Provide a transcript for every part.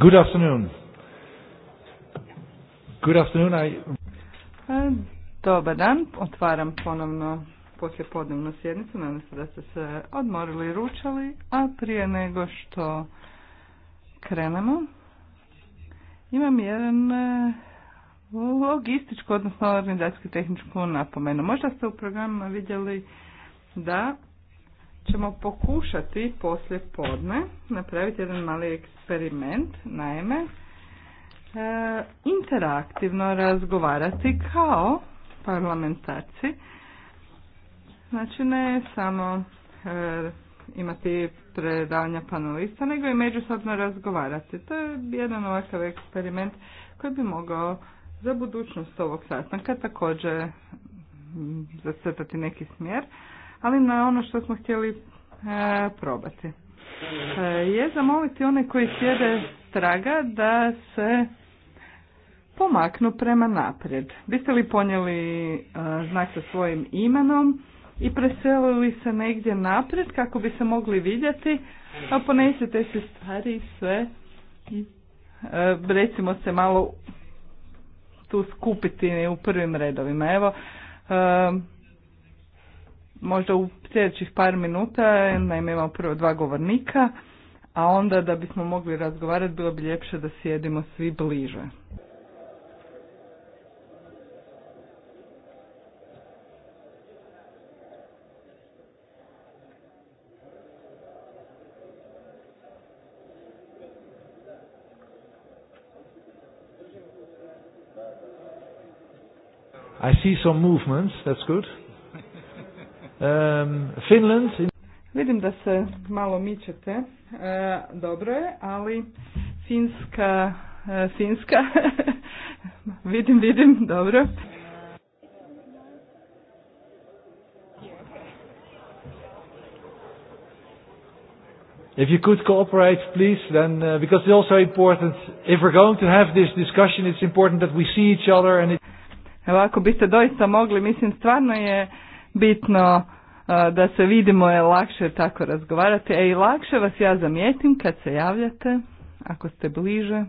Good afternoon. Good afternoon. E, dobar dan. Otvaram ponovno poslijepodnevnu sjednicu. Nadam se da ste se odmorili i ručali. A prije nego što krenemo, imam jedan e, logističku, odnosno organizacijsku tehničku napomenu. Možda ste u programima vidjeli da ćemo pokušati poslije podne napraviti jedan mali eksperiment, naime, e, interaktivno razgovarati kao parlamentarci. Znači ne samo e, imati predavanja panelista, nego i međusobno razgovarati. To je jedan ovakav eksperiment koji bi mogao za budućnost ovog sastanka također zacrtati neki smjer ali na ono što smo htjeli e, probati. E, je zamoliti one koji sjede straga da se pomaknu prema naprijed. Biste li ponijeli e, znak sa svojim imenom i preselili se negdje naprijed kako bi se mogli vidjeti, a ponesite se stvari sve i recimo se malo tu skupiti u prvim redovima. Evo, možda u sljedećih par minuta, naime imamo prvo dva govornika, a onda da bismo mogli razgovarati bilo bi ljepše da sjedimo svi bliže. I see some movements, that's good. Um, Finland... Vidim da se malo mičete, e, dobro je, ali Finska, e, Finska, vidim, vidim, dobro. If you could cooperate, please, then, uh, because it's also important, if we're going to have this discussion, it's important that we see each other and it... Evo, ako biste doista mogli, mislim, stvarno je bitno da se vidimo je lakše tako razgovarati. E i lakše vas ja zamijetim kad se javljate, ako ste bliže.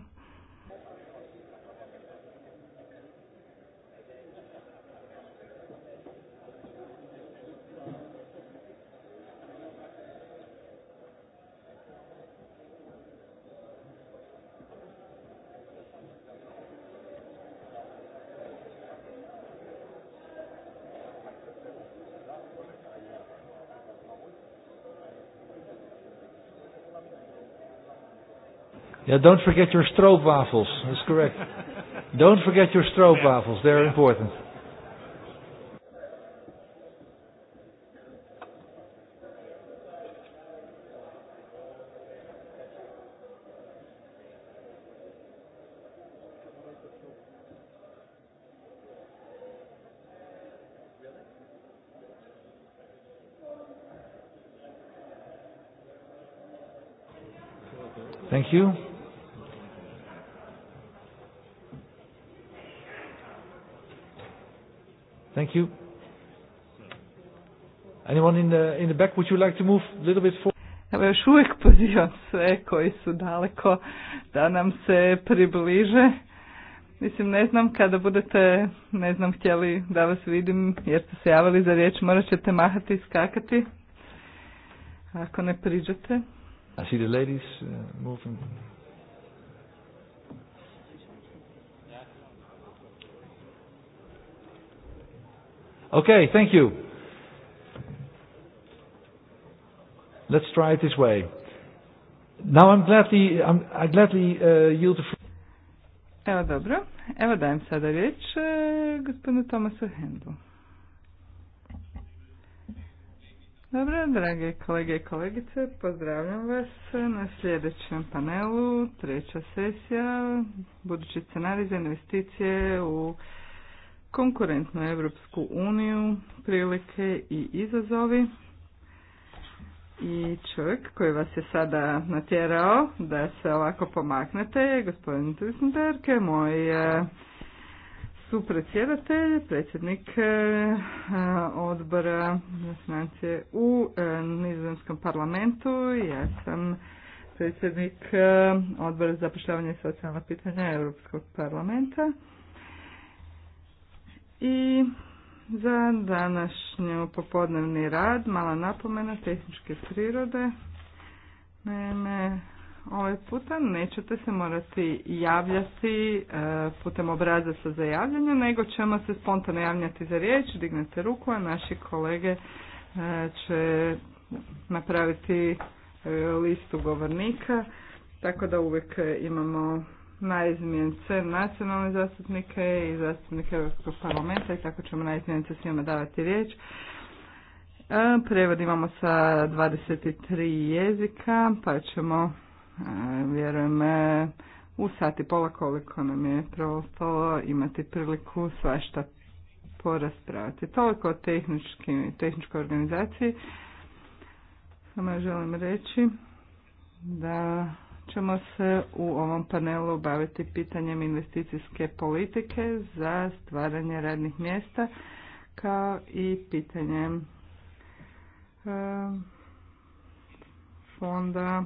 Yeah, don't forget your stroopwafels. That's correct. don't forget your stroopwafels. They're yeah. important. Thank you. would you like to move a little bit forward? Još uvijek pozivam sve koji su daleko da nam se približe. Mislim, ne znam kada budete, ne znam, htjeli da vas vidim jer ste se javili za riječ, morat ćete mahati i skakati ako ne priđete. I see the ladies uh, moving. Okay, thank you. Let's try it this way. Now I'm gladly, I'm, I gladly uh, yield the Evo dobro. Evo dajem sada riječ e, gospodinu Tomasu Hendlu. Dobro, drage kolege i kolegice, pozdravljam vas na sljedećem panelu, treća sesija, budući scenarij za investicije u konkurentnu Europsku uniju, prilike i izazovi. I čovjek koji vas je sada natjerao da se ovako pomaknete je gospodin Tuisenberg, moj e, supredsjedatelj, predsjednik e, e, odbora za financije u Nizozemskom parlamentu. Ja sam predsjednik odbora za zapošljavanje i socijalna pitanja Europskog parlamenta. I za današnju popodnevni rad. Mala napomena tehničke prirode. Naime, ovaj puta nećete se morati javljati e, putem obrazaca za javljanje, nego ćemo se spontano javljati za riječ, dignete ruku, a naši kolege e, će napraviti e, listu govornika, tako da uvijek imamo na izmjence nacionalne zastupnike i zastupnike Europskog parlamenta i tako ćemo na s njima davati riječ. E, prevod imamo sa 23 jezika, pa ćemo, e, vjerujem, e, u sati pola koliko nam je preostalo imati priliku svašta poraspraviti. Toliko o tehničkoj organizaciji. Samo želim reći da ćemo se u ovom panelu baviti pitanjem investicijske politike za stvaranje radnih mjesta kao i pitanjem eh, fonda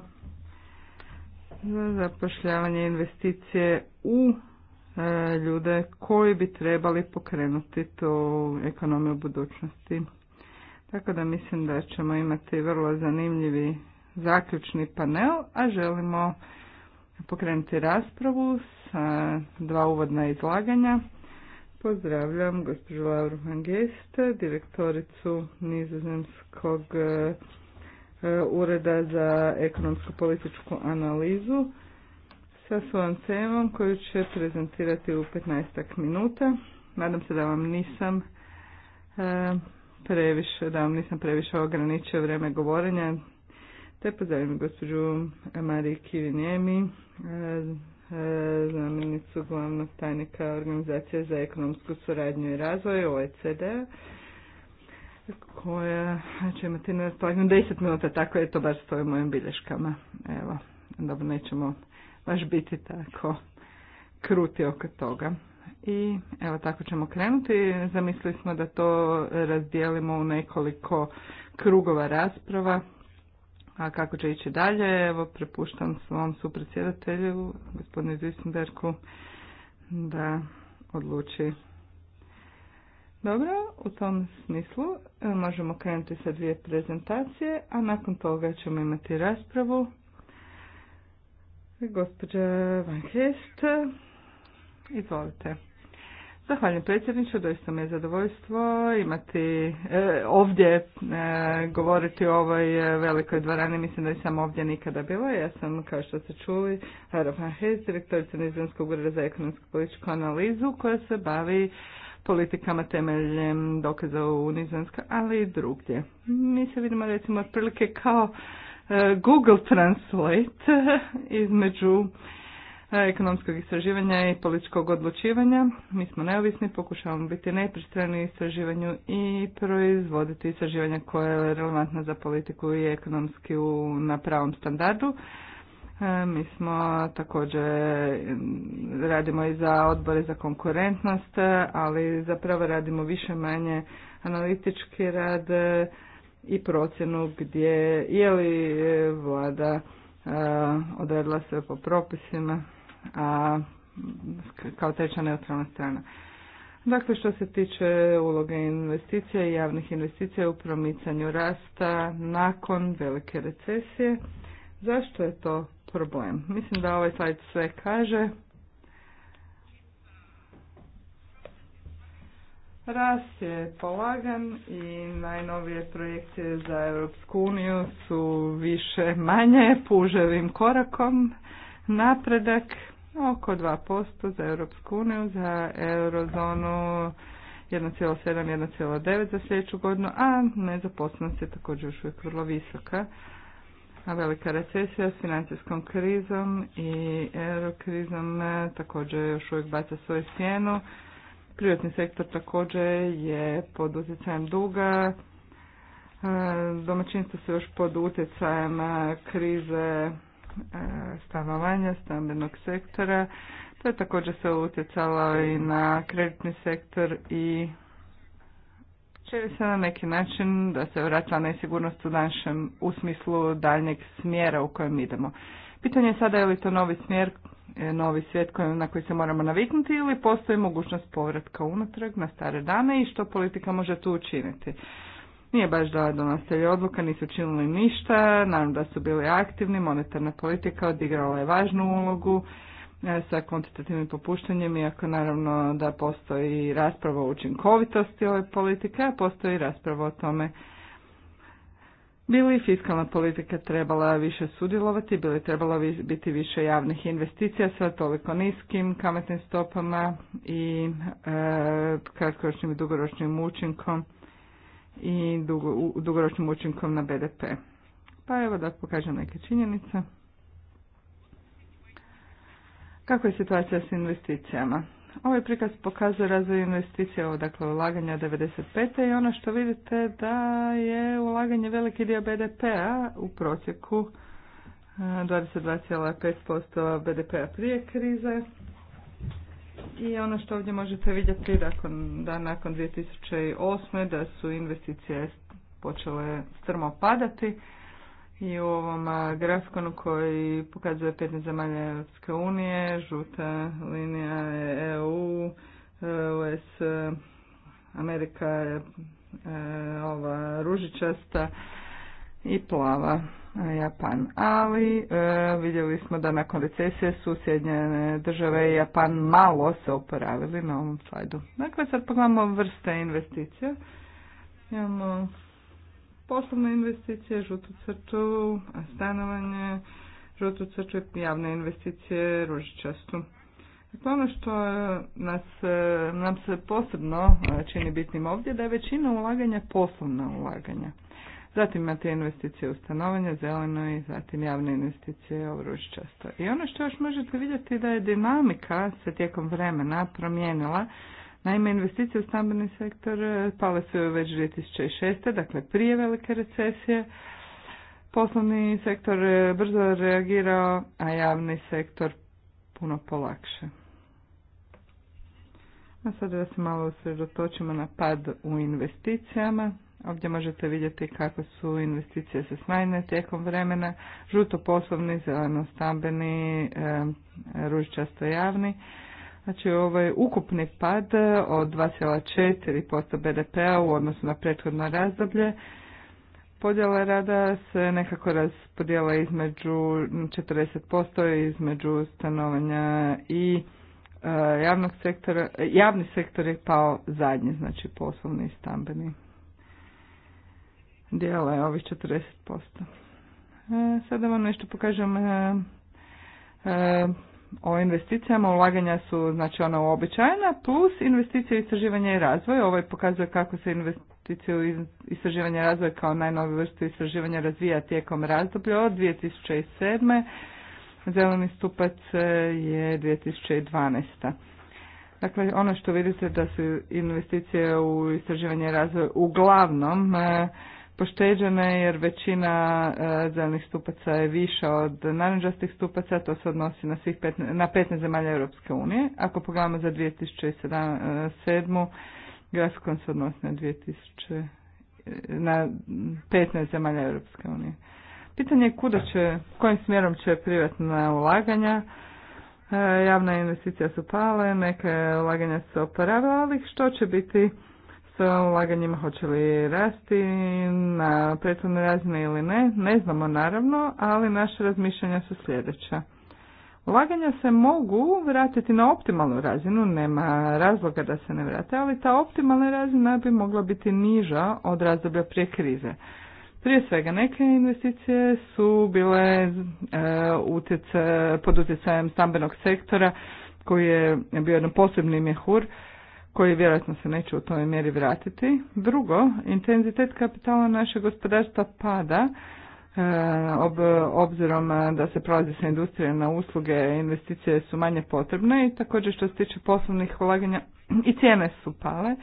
za zapošljavanje investicije u eh, ljude koji bi trebali pokrenuti tu ekonomiju budućnosti. Tako da mislim da ćemo imati vrlo zanimljivi zaključni panel, a želimo pokrenuti raspravu sa dva uvodna izlaganja. Pozdravljam gospođu Lauru Hangeste, direktoricu Nizozemskog e, ureda za ekonomsku političku analizu sa svojom temom koju će prezentirati u 15 minuta. Nadam se da vam nisam e, previše, da vam nisam previše ograničio vrijeme govorenja, te pozdravim gospođu Mariju Kirinjemi, e, e, znamenicu glavnog tajnika Organizacije za ekonomsku suradnju i razvoj oecd koja će znači, imati na raspolaganju 10 minuta, tako je to baš stoji u mojim bilješkama. Evo, dobro, nećemo baš biti tako kruti oko toga. I evo tako ćemo krenuti. Zamislili smo da to razdijelimo u nekoliko krugova rasprava a kako će ići dalje, evo prepuštam svom supredsjedatelju, gospodinu Zisenberku, da odluči. Dobro, u tom smislu e, možemo krenuti sa dvije prezentacije, a nakon toga ćemo imati raspravu. Gospođa Van Hest, izvolite. Zahvaljujem predsjedniče, doista mi je zadovoljstvo imati e, ovdje e, govoriti o ovoj e, velikoj dvorani, mislim da je sam ovdje nikada bilo. Ja sam, kao što ste čuli, Rofna Hez, direktorica Nizozemskog ureda za ekonomsku političku analizu koja se bavi politikama temeljem dokaza u Nizozemskoj, ali i drugdje. Mi se vidimo recimo otprilike kao Google Translate između E, ekonomskog istraživanja i političkog odlučivanja. Mi smo neovisni, pokušavamo biti nepristrani u istraživanju i proizvoditi istraživanja koje je relevantna za politiku i ekonomski u, na pravom standardu. E, mi smo također mm, radimo i za odbore za konkurentnost, ali zapravo radimo više manje analitički rad e, i procjenu gdje je li vlada odredila sve po propisima a kao treća neutralna strana. Dakle, što se tiče uloge investicija i javnih investicija u promicanju rasta nakon velike recesije, zašto je to problem? Mislim da ovaj slajd sve kaže. Rast je polagan i najnovije projekcije za Europsku uniju su više manje puževim korakom. Napredak oko 2% za Europsku uniju, za eurozonu 1,7-1,9 za sljedeću godinu, a nezaposlenost je također još uvijek vrlo visoka. A velika recesija s financijskom krizom i eurokrizom e, također još uvijek baca svoju sjenu. Privatni sektor također je pod utjecajem duga. E, Domaćinstvo se još pod utjecajem e, krize E, stanovanja, stambenog sektora. To je također se utjecalo i na kreditni sektor i čeli se na neki način da se vraća nesigurnost u našem u smislu daljnjeg smjera u kojem idemo. Pitanje je sada je li to novi smjer, e, novi svijet na koji se moramo naviknuti ili postoji mogućnost povratka unatrag na stare dane i što politika može tu učiniti nije baš da donosili odluka, nisu činili ništa, naravno da su bili aktivni, monetarna politika odigrala je važnu ulogu e, sa kvantitativnim popuštanjem, iako naravno da postoji rasprava o učinkovitosti ove politike, a postoji rasprava o tome bili fiskalna politika trebala više sudjelovati, bili trebala biti više javnih investicija sa toliko niskim kamatnim stopama i e, kratkoročnim i dugoročnim učinkom i dugoročnim učinkom na BDP. Pa evo da pokažem neke činjenice. Kako je situacija s investicijama? Ovaj prikaz pokazuje razvoj investicija, dakle ulaganja 95. i ono što vidite da je ulaganje veliki dio BDP-a u prosjeku 22,5% e, BDP-a prije krize, i ono što ovdje možete vidjeti nakon, da nakon 2008. da su investicije počele strmo padati i u ovom grafikonu koji pokazuje 15 zemalja Europske unije, žuta linija je EU, e, US, e, Amerika je e, ova ružičasta i plava E, Japan. Ali e, vidjeli smo da nakon recesije susjednje države i Japan malo se oporavili na ovom slajdu. Dakle, sad pogledamo vrste investicija. Imamo poslovne investicije, žutu crtu, stanovanje, žutu crtu i javne investicije, ružičastu. Dakle, ono što nas, e, nam se posebno čini bitnim ovdje da je većina ulaganja poslovna ulaganja. Zatim imate investicije u stanovanje, zeleno i zatim javne investicije u ružičasto. I ono što još možete vidjeti da je dinamika se tijekom vremena promijenila. Naime, investicije u stambeni sektor e, pale su već 2006. dakle prije velike recesije. Poslovni sektor e, brzo reagirao, a javni sektor puno polakše. A sada da se malo usredotočimo na pad u investicijama. Ovdje možete vidjeti kako su investicije se smanjene tijekom vremena. Žuto poslovni, zeleno stambeni, e, ružičasto javni. Znači ovaj ukupni pad od 2,4% BDP-a u odnosu na prethodno razdoblje. Podjela rada se nekako raspodjela između 40% između stanovanja i e, javnog sektora, e, javni sektor je pao zadnji, znači poslovni i stambeni dijela je ovih 40%. E, Sada vam nešto pokažem e, e, o investicijama. Ulaganja su znači ona uobičajena plus investicije u istraživanje i razvoj. Ovo ovaj pokazuje kako se investicije u istraživanje i razvoj kao najnovi vrstu istraživanja razvija tijekom razdoblja od 2007. Zeleni stupac je 2012. Dakle, ono što vidite da su investicije u istraživanje i razvoj uglavnom pošteđene jer većina e, zelenih stupaca je viša od naranđastih stupaca, to se odnosi na, svih 15, na 15 zemalja Europske unije. Ako pogledamo za 2007. grafikon se odnosi na, 2000, na 15 zemalja Europske unije. Pitanje je kuda će, kojim smjerom će privatna ulaganja, e, javna investicija su pale, neke ulaganja su oporavila, ali što će biti ulaganjima hoće li rasti na prethodne razine ili ne, ne znamo naravno, ali naše razmišljanja su sljedeća. Ulaganja se mogu vratiti na optimalnu razinu, nema razloga da se ne vrate, ali ta optimalna razina bi mogla biti niža od razdoblja prije krize. Prije svega neke investicije su bile e, pod utjecajem stambenog sektora koji je bio jedan posebni mjehur, koji vjerojatno se neće u toj mjeri vratiti. Drugo, intenzitet kapitala našeg gospodarstva pada e, ob, obzirom e, da se prolazi sa industrije na usluge, investicije su manje potrebne i također što se tiče poslovnih ulaganja i cijene su pale.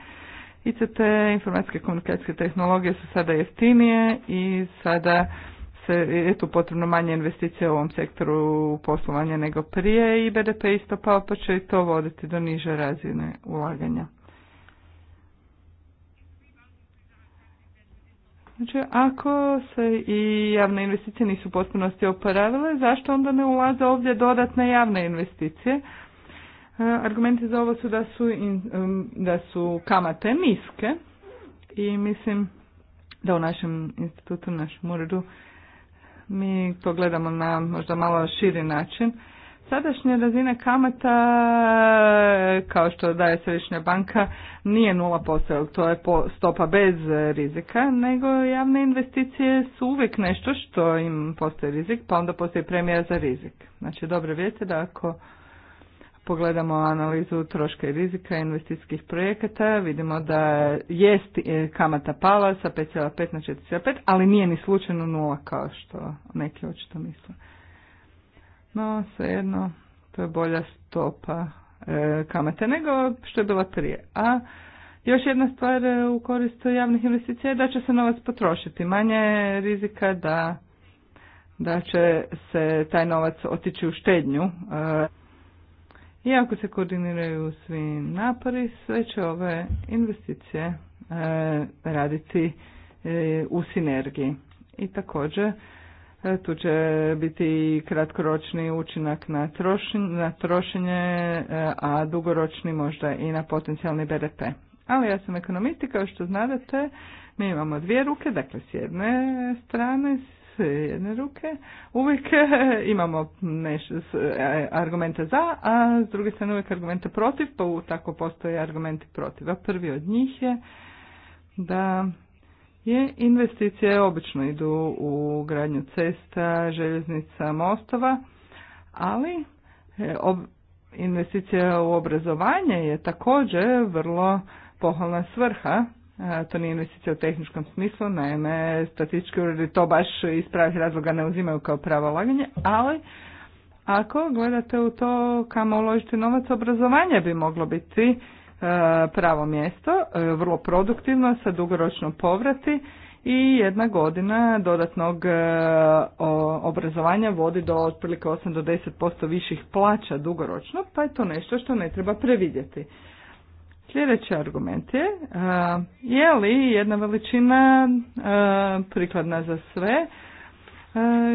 i te informacijske komunikacijske tehnologije su sada jeftinije i sada se, je tu potrebno manje investicije u ovom sektoru poslovanja nego prije i BDP isto pao pa će i to voditi do niže razine ulaganja. Znači, ako se i javne investicije nisu u potpunosti oporavile, zašto onda ne ulaze ovdje dodatne javne investicije? E, argumenti za ovo su da su, da su kamate niske i mislim da u našem institutu, našem uredu mi to gledamo na možda malo širi način. Sadašnja razina kamata, kao što daje Središnja banka, nije nula 0%, to je stopa bez rizika, nego javne investicije su uvijek nešto što im postoji rizik, pa onda postoji premija za rizik. Znači, dobro vijete da ako pogledamo analizu troška i rizika investicijskih projekata, vidimo da jest e, kamata pala sa 5,5 na 4,5, ali nije ni slučajno nula kao što neki očito misle. No, svejedno, to je bolja stopa e, kamate nego što je bila prije. A još jedna stvar e, u koristu javnih investicija je da će se novac potrošiti. Manje je rizika da, da će se taj novac otići u štednju. I ako se koordiniraju svi napori, sve će ove investicije e, raditi e, u sinergiji. I također e, tu će biti kratkoročni učinak na, na trošenje, a dugoročni možda i na potencijalni BDP. Ali ja sam ekonomist kao što znate, mi imamo dvije ruke, dakle s jedne strane jedne ruke, uvijek imamo neš, e, argumente za, a s druge strane uvijek argumente protiv, pa tako postoje argumenti protiv. A prvi od njih je da je investicije obično idu u gradnju cesta, željeznica, mostova, ali e, investicija u obrazovanje je također vrlo pohvalna svrha to nije investicija u tehničkom smislu, naime statistički uredi to baš iz pravih razloga ne uzimaju kao pravo laganje, ali ako gledate u to kamo uložiti novac, obrazovanje bi moglo biti e, pravo mjesto, e, vrlo produktivno, sa dugoročnom povrati i jedna godina dodatnog e, obrazovanja vodi do otprilike 8 do 10% viših plaća dugoročno, pa je to nešto što ne treba previdjeti. Sljedeći argument je, je li jedna veličina prikladna za sve,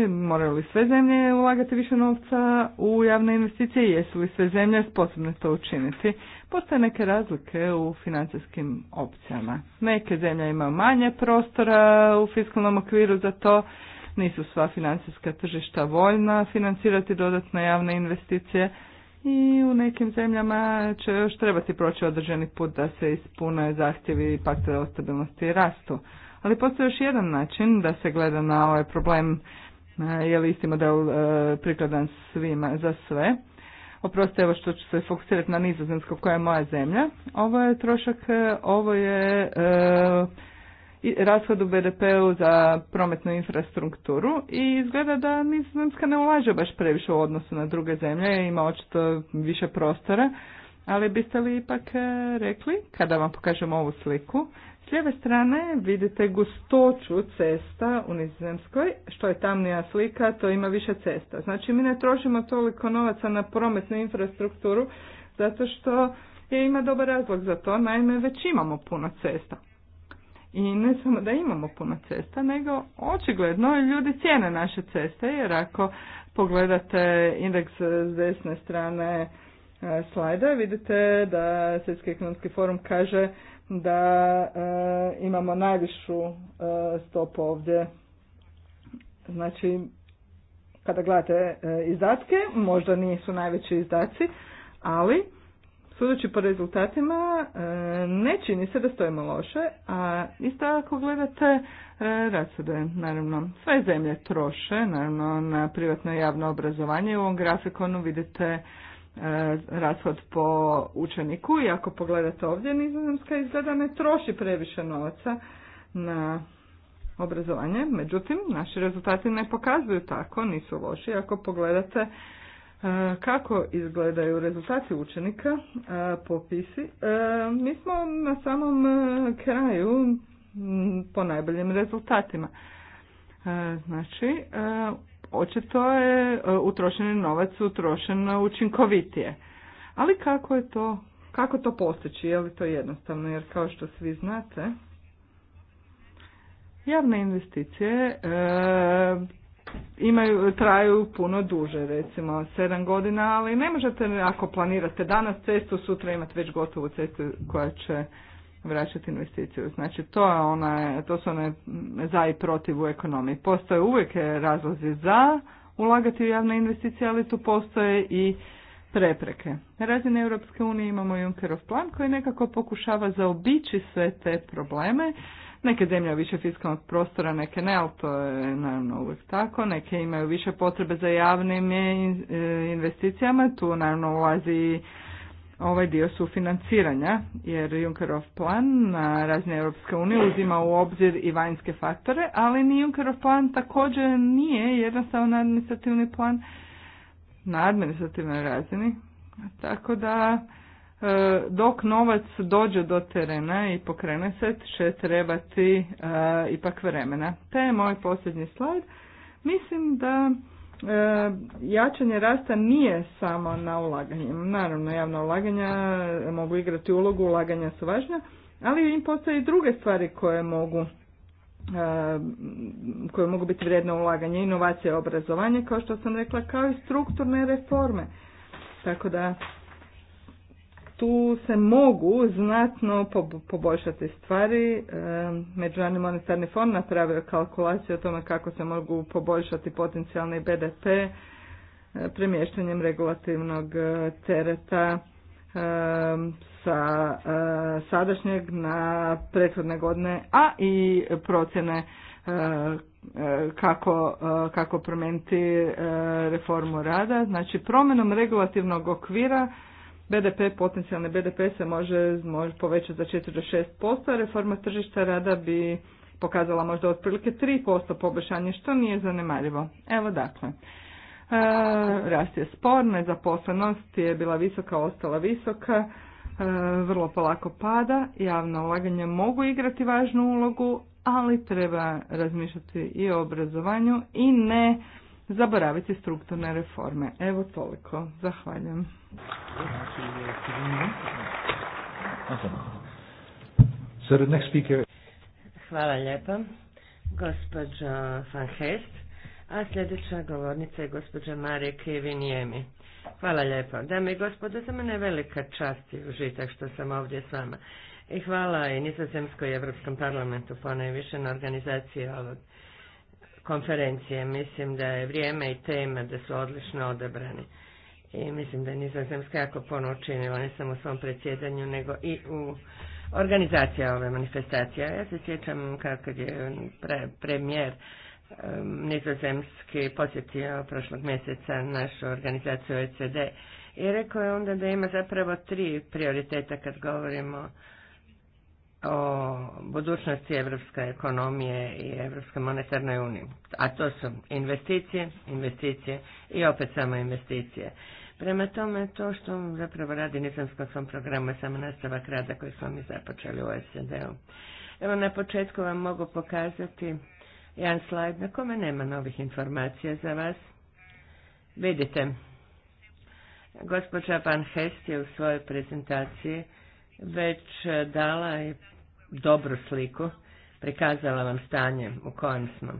moraju li sve zemlje ulagati više novca u javne investicije, jesu li sve zemlje sposobne to učiniti. Postoje neke razlike u financijskim opcijama. Neke zemlje imaju manje prostora u fiskalnom okviru za to, nisu sva financijska tržišta voljna financirati dodatne javne investicije, i u nekim zemljama će još trebati proći određeni put da se ispune zahtjevi pakta o stabilnosti i rastu. Ali postoji još jedan način da se gleda na ovaj problem, je li isti model e, prikladan svima za sve. Oprosti, evo što ću se fokusirati na nizozemsko koja je moja zemlja. Ovo je trošak, e, ovo je e, u BDP-u za prometnu infrastrukturu i izgleda da Nizozemska ne ulaže baš previše u odnosu na druge zemlje, ima očito više prostora, ali biste li ipak e, rekli, kada vam pokažem ovu sliku, s lijeve strane vidite gustoću cesta u Nizozemskoj, što je tamnija slika, to ima više cesta. Znači mi ne trošimo toliko novaca na prometnu infrastrukturu zato što je ima dobar razlog za to, naime već imamo puno cesta. I ne samo da imamo puno cesta, nego očigledno ljudi cijene naše ceste, jer ako pogledate indeks s desne strane e, slajda, vidite da Svjetski ekonomski forum kaže da e, imamo najvišu e, stopu ovdje. Znači, kada gledate izdatke, možda nisu najveći izdaci, ali Sudeći po rezultatima, e, ne čini se da stojimo loše, a isto ako gledate je naravno, sve zemlje troše, naravno, na privatno i javno obrazovanje. U ovom grafikonu vidite e, rashod po učeniku i ako pogledate ovdje, nizozemska izgleda ne troši previše novaca na obrazovanje, međutim, naši rezultati ne pokazuju tako, nisu loši. Ako pogledate E, kako izgledaju rezultati učenika e, popisi? E, mi smo na samom kraju po najboljim rezultatima. Znači, očito je utrošeni novac utrošen učinkovitije. Ali kako je to, kako to postići? Je li to jednostavno? Jer kao što svi znate, javne investicije imaju, traju puno duže, recimo 7 godina, ali ne možete, ako planirate danas cestu, sutra imate već gotovu cestu koja će vraćati investiciju. Znači to, je ona, to su one za i protiv u ekonomiji. Postoje uvijek razlozi za ulagati u javne investicije, ali tu postoje i prepreke. Na razini Europske unije imamo Junckerov plan koji nekako pokušava zaobići sve te probleme Neke zemlje više fiskalnog prostora, neke ne, ali to je naravno uvijek tako. Neke imaju više potrebe za javnim e, e, investicijama, tu naravno ulazi ovaj dio sufinanciranja, jer Junckerov plan na razne Europske unije uzima u obzir i vanjske faktore, ali ni Junckerov plan također nije jednostavno administrativni plan na administrativnoj razini. Tako da E, dok novac dođe do terena i pokrene se, će trebati e, ipak vremena. To je moj posljednji slajd. Mislim da e, jačanje rasta nije samo na ulaganje. Naravno, javna ulaganja mogu igrati ulogu, ulaganja su važna, ali im postoje i druge stvari koje mogu koje mogu biti vrijedno ulaganje, inovacije, obrazovanje, kao što sam rekla, kao i strukturne reforme. Tako da tu se mogu znatno poboljšati stvari. E, Međunarodni monetarni fond napravio kalkulaciju o tome kako se mogu poboljšati potencijalni BDP e, premještanjem regulativnog e, tereta sa sadašnjeg na prethodne godine, a i procjene kako, kako promijeniti reformu rada. Znači promjenom regulativnog okvira BDP, potencijalni BDP se može, može povećati za 4 do 6%, a reforma tržišta rada bi pokazala možda otprilike 3% poboljšanje, što nije zanemarivo. Evo dakle, e, rast je spor, nezaposlenost je bila visoka, ostala visoka, e, vrlo polako pada, javna ulaganja mogu igrati važnu ulogu, ali treba razmišljati i o obrazovanju i ne zaboraviti strukturne reforme. Evo toliko. Zahvaljujem. Hvala lijepa, gospođo Van Hest. A sljedeća govornica je gospođa Marija jemi Hvala lijepa. Dame i gospodo, za mene je velika čast i užitak što sam ovdje s vama. I hvala i Nizozemskoj i Evropskom parlamentu više na organizaciji ovog konferencije. Mislim da je vrijeme i tema da su odlično odebrani. I mislim da je Nizozemska jako puno učinila, ne samo u svom predsjedanju, nego i u organizacija ove manifestacije. Ja se sjećam kako je premijer um, nizozemski posjetio prošlog mjeseca našu organizaciju OECD i rekao je onda da ima zapravo tri prioriteta kad govorimo o budućnosti evropske ekonomije i Evropske monetarne unije. A to su investicije, investicije i opet samo investicije. Prema tome, to što zapravo radi nizamsko svom programu je samo nastavak rada koji smo mi započeli u SED-u. Evo na početku vam mogu pokazati jedan slajd na kome nema novih informacija za vas. Vidite, gospođa Van Hest je u svojoj prezentaciji već dala i dobru sliku, prikazala vam stanje u kojem smo.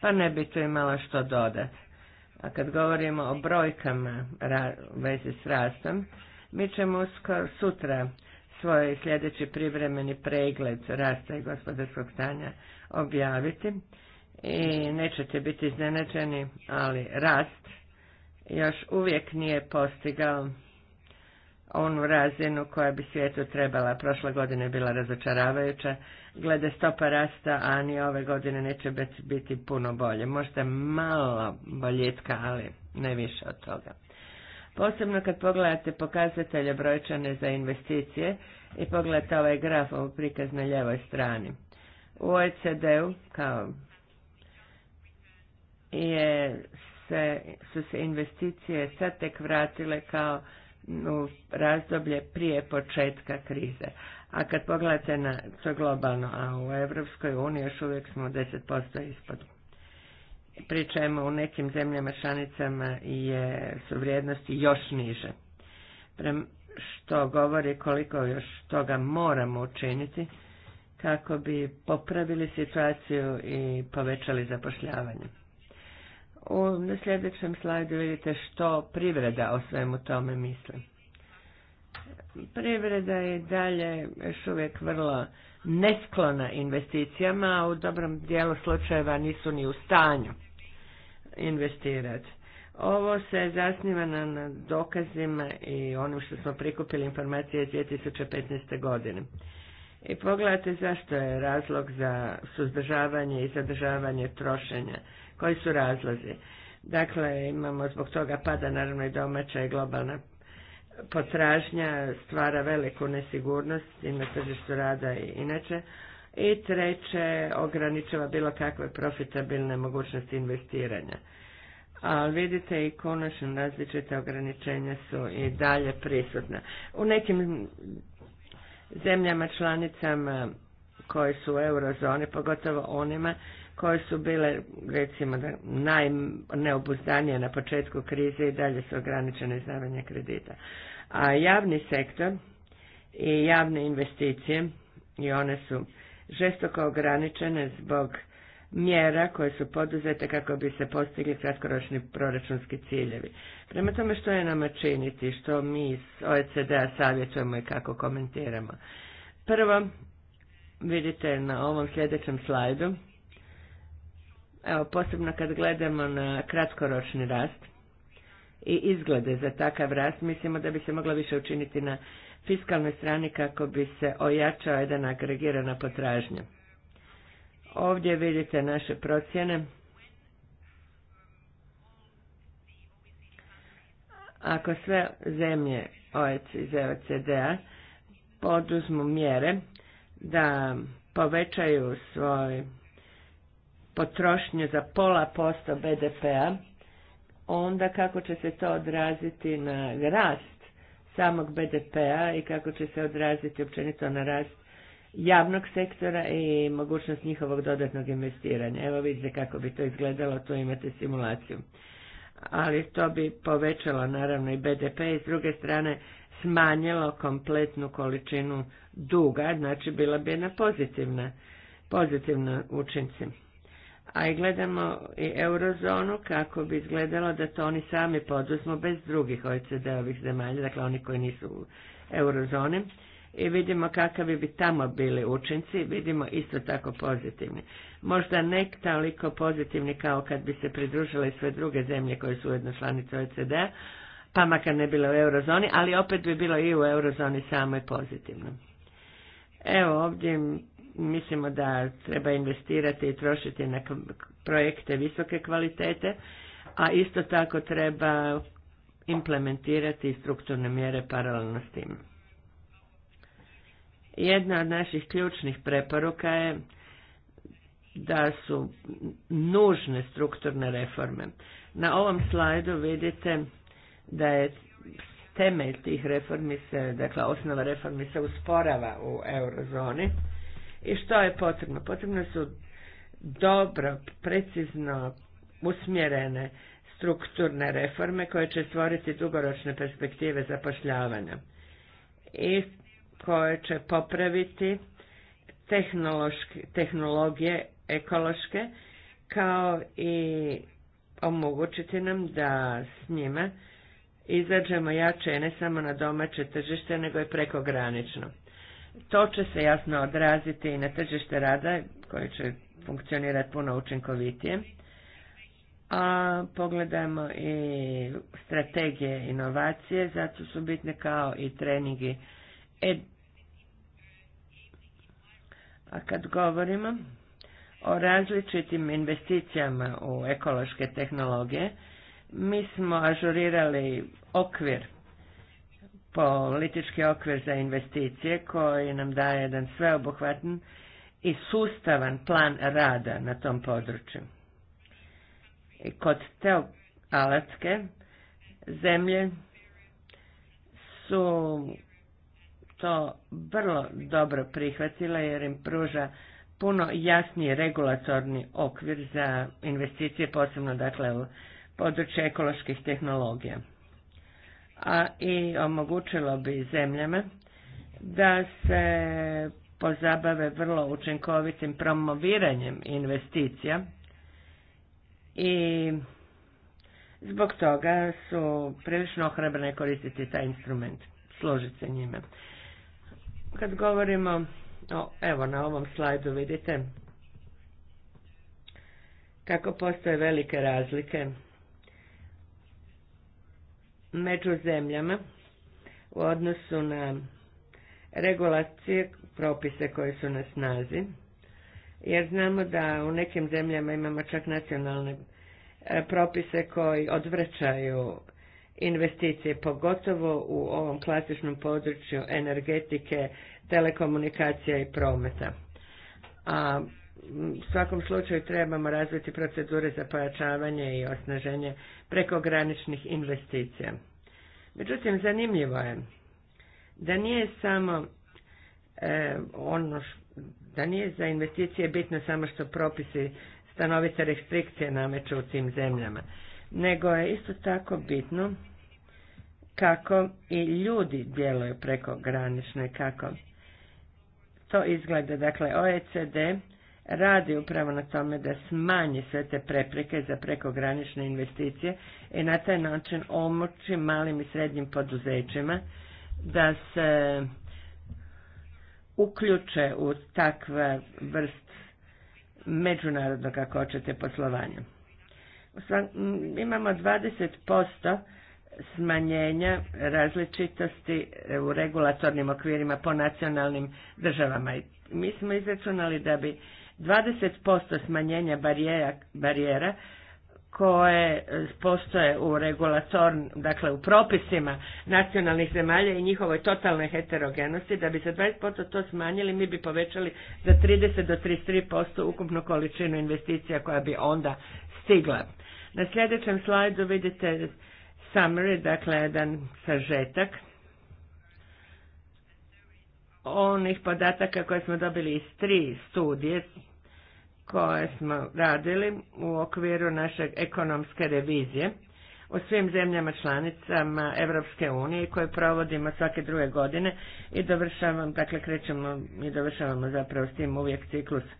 Pa ne bi tu imala što dodati. A kad govorimo o brojkama u vezi s rastom, mi ćemo uskoro sutra svoj sljedeći privremeni pregled rasta i gospodarskog stanja objaviti i nećete biti iznenađeni, ali rast još uvijek nije postigao onu razinu koja bi svijetu trebala. Prošle godine je bila razočaravajuća. Glede stopa rasta, a ni ove godine neće biti puno bolje. Možda malo boljetka, ali ne više od toga. Posebno kad pogledate pokazatelje brojčane za investicije i pogledate ovaj graf, ovu prikaz na ljevoj strani. U OECD-u kao je, se, su se investicije sad tek vratile kao u razdoblje prije početka krize. A kad pogledate na to globalno, a u Europskoj uniji još uvijek smo 10% ispod. Pri u nekim zemljama članicama je, su vrijednosti još niže. Prem, što govori koliko još toga moramo učiniti kako bi popravili situaciju i povećali zapošljavanje. U sljedećem slajdu vidite što privreda o svemu tome misli. Privreda je dalje još uvijek vrlo nesklona investicijama, a u dobrom dijelu slučajeva nisu ni u stanju investirati. Ovo se zasniva na dokazima i onim što smo prikupili informacije iz 2015. godine. I pogledajte zašto je razlog za suzdržavanje i zadržavanje trošenja koji su razlozi. Dakle, imamo zbog toga pada naravno i domaća i globalna potražnja, stvara veliku nesigurnost i na tržištu rada i inače. I treće, ograničava bilo kakve profitabilne mogućnosti investiranja. Ali vidite i konačno različite ograničenja su i dalje prisutna. U nekim zemljama članicama koje su u eurozoni, pogotovo onima koje su bile recimo najneobuzdanije na početku krize i dalje su ograničene izdavanje kredita. A javni sektor i javne investicije i one su žestoko ograničene zbog mjera koje su poduzete kako bi se postigli kratkoročni proračunski ciljevi. Prema tome što je nama činiti, što mi iz OECD-a savjetujemo i kako komentiramo. Prvo, vidite na ovom sljedećem slajdu, Evo, posebno kad gledamo na kratkoročni rast i izglede za takav rast, mislimo da bi se moglo više učiniti na fiskalnoj strani kako bi se ojačao jedan agregirana potražnja. Ovdje vidite naše procjene. Ako sve zemlje iz OECD-a poduzmu mjere da povećaju svoj Potrošnje za pola posto BDP-a, onda kako će se to odraziti na rast samog BDP-a i kako će se odraziti općenito na rast javnog sektora i mogućnost njihovog dodatnog investiranja. Evo vidite kako bi to izgledalo, tu imate simulaciju. Ali to bi povećalo naravno i BDP i s druge strane smanjilo kompletnu količinu duga, znači bila bi jedna pozitivna, pozitivna učinci a i gledamo i eurozonu kako bi izgledalo da to oni sami poduzmu bez drugih OECD-ovih zemalja, dakle oni koji nisu u eurozoni i vidimo kakavi bi tamo bili učinci, vidimo isto tako pozitivni. Možda ne toliko pozitivni kao kad bi se pridružile sve druge zemlje koje su ujedno članice OECD-a, pa makar ne bilo u eurozoni, ali opet bi bilo i u eurozoni samo i pozitivno. Evo ovdje mislimo da treba investirati i trošiti na projekte visoke kvalitete, a isto tako treba implementirati strukturne mjere paralelno s tim. Jedna od naših ključnih preporuka je da su nužne strukturne reforme. Na ovom slajdu vidite da je temelj tih reformi se, dakle osnova reformi se usporava u eurozoni i što je potrebno? Potrebno su dobro, precizno usmjerene strukturne reforme koje će stvoriti dugoročne perspektive zapošljavanja i koje će popraviti tehnologije ekološke kao i omogućiti nam da s njima izađemo jače ne samo na domaće tržište nego i prekogranično to će se jasno odraziti i na tržište rada koje će funkcionirati puno učinkovitije. A pogledajmo i strategije inovacije, zato su bitne kao i treningi. E, a kad govorimo o različitim investicijama u ekološke tehnologije, mi smo ažurirali okvir politički okvir za investicije koji nam daje jedan sveobuhvatan i sustavan plan rada na tom području. I kod te alatske zemlje su to vrlo dobro prihvatile jer im pruža puno jasniji regulatorni okvir za investicije, posebno dakle u području ekoloških tehnologija a i omogućilo bi zemljama da se pozabave vrlo učinkovitim promoviranjem investicija i zbog toga su prilično ohrabrene koristiti taj instrument, složiti se njime. Kad govorimo, o, evo na ovom slajdu vidite kako postoje velike razlike među zemljama u odnosu na regulacije, propise koje su na snazi, jer znamo da u nekim zemljama imamo čak nacionalne e, propise koji odvraćaju investicije, pogotovo u ovom klasičnom području energetike, telekomunikacija i prometa. A u svakom slučaju trebamo razviti procedure za pojačavanje i osnaženje prekograničnih investicija. Međutim, zanimljivo je da nije samo e, ono š, da nije za investicije bitno samo što propisi stanovite restrikcije nameću u tim zemljama, nego je isto tako bitno kako i ljudi djeluju preko kako to izgleda. Dakle, OECD radi upravo na tome da smanji sve te prepreke za prekogranične investicije i na taj način omoći malim i srednjim poduzećima da se uključe u takva vrst međunarodnog, ako hoćete, poslovanja. Imamo 20% smanjenja različitosti u regulatornim okvirima po nacionalnim državama. Mi smo izračunali da bi 20% smanjenja barijera, barijera koje e, postoje u regulator dakle u propisima nacionalnih zemalja i njihovoj totalnoj heterogenosti, da bi se 20% to smanjili, mi bi povećali za 30 do 33% ukupnu količinu investicija koja bi onda stigla. Na sljedećem slajdu vidite summary, dakle jedan sažetak onih podataka koje smo dobili iz tri studije koje smo radili u okviru našeg ekonomske revizije u svim zemljama članicama Europske unije koje provodimo svake druge godine i dovršavamo, dakle krećemo i dovršavamo zapravo s tim uvijek ciklus e,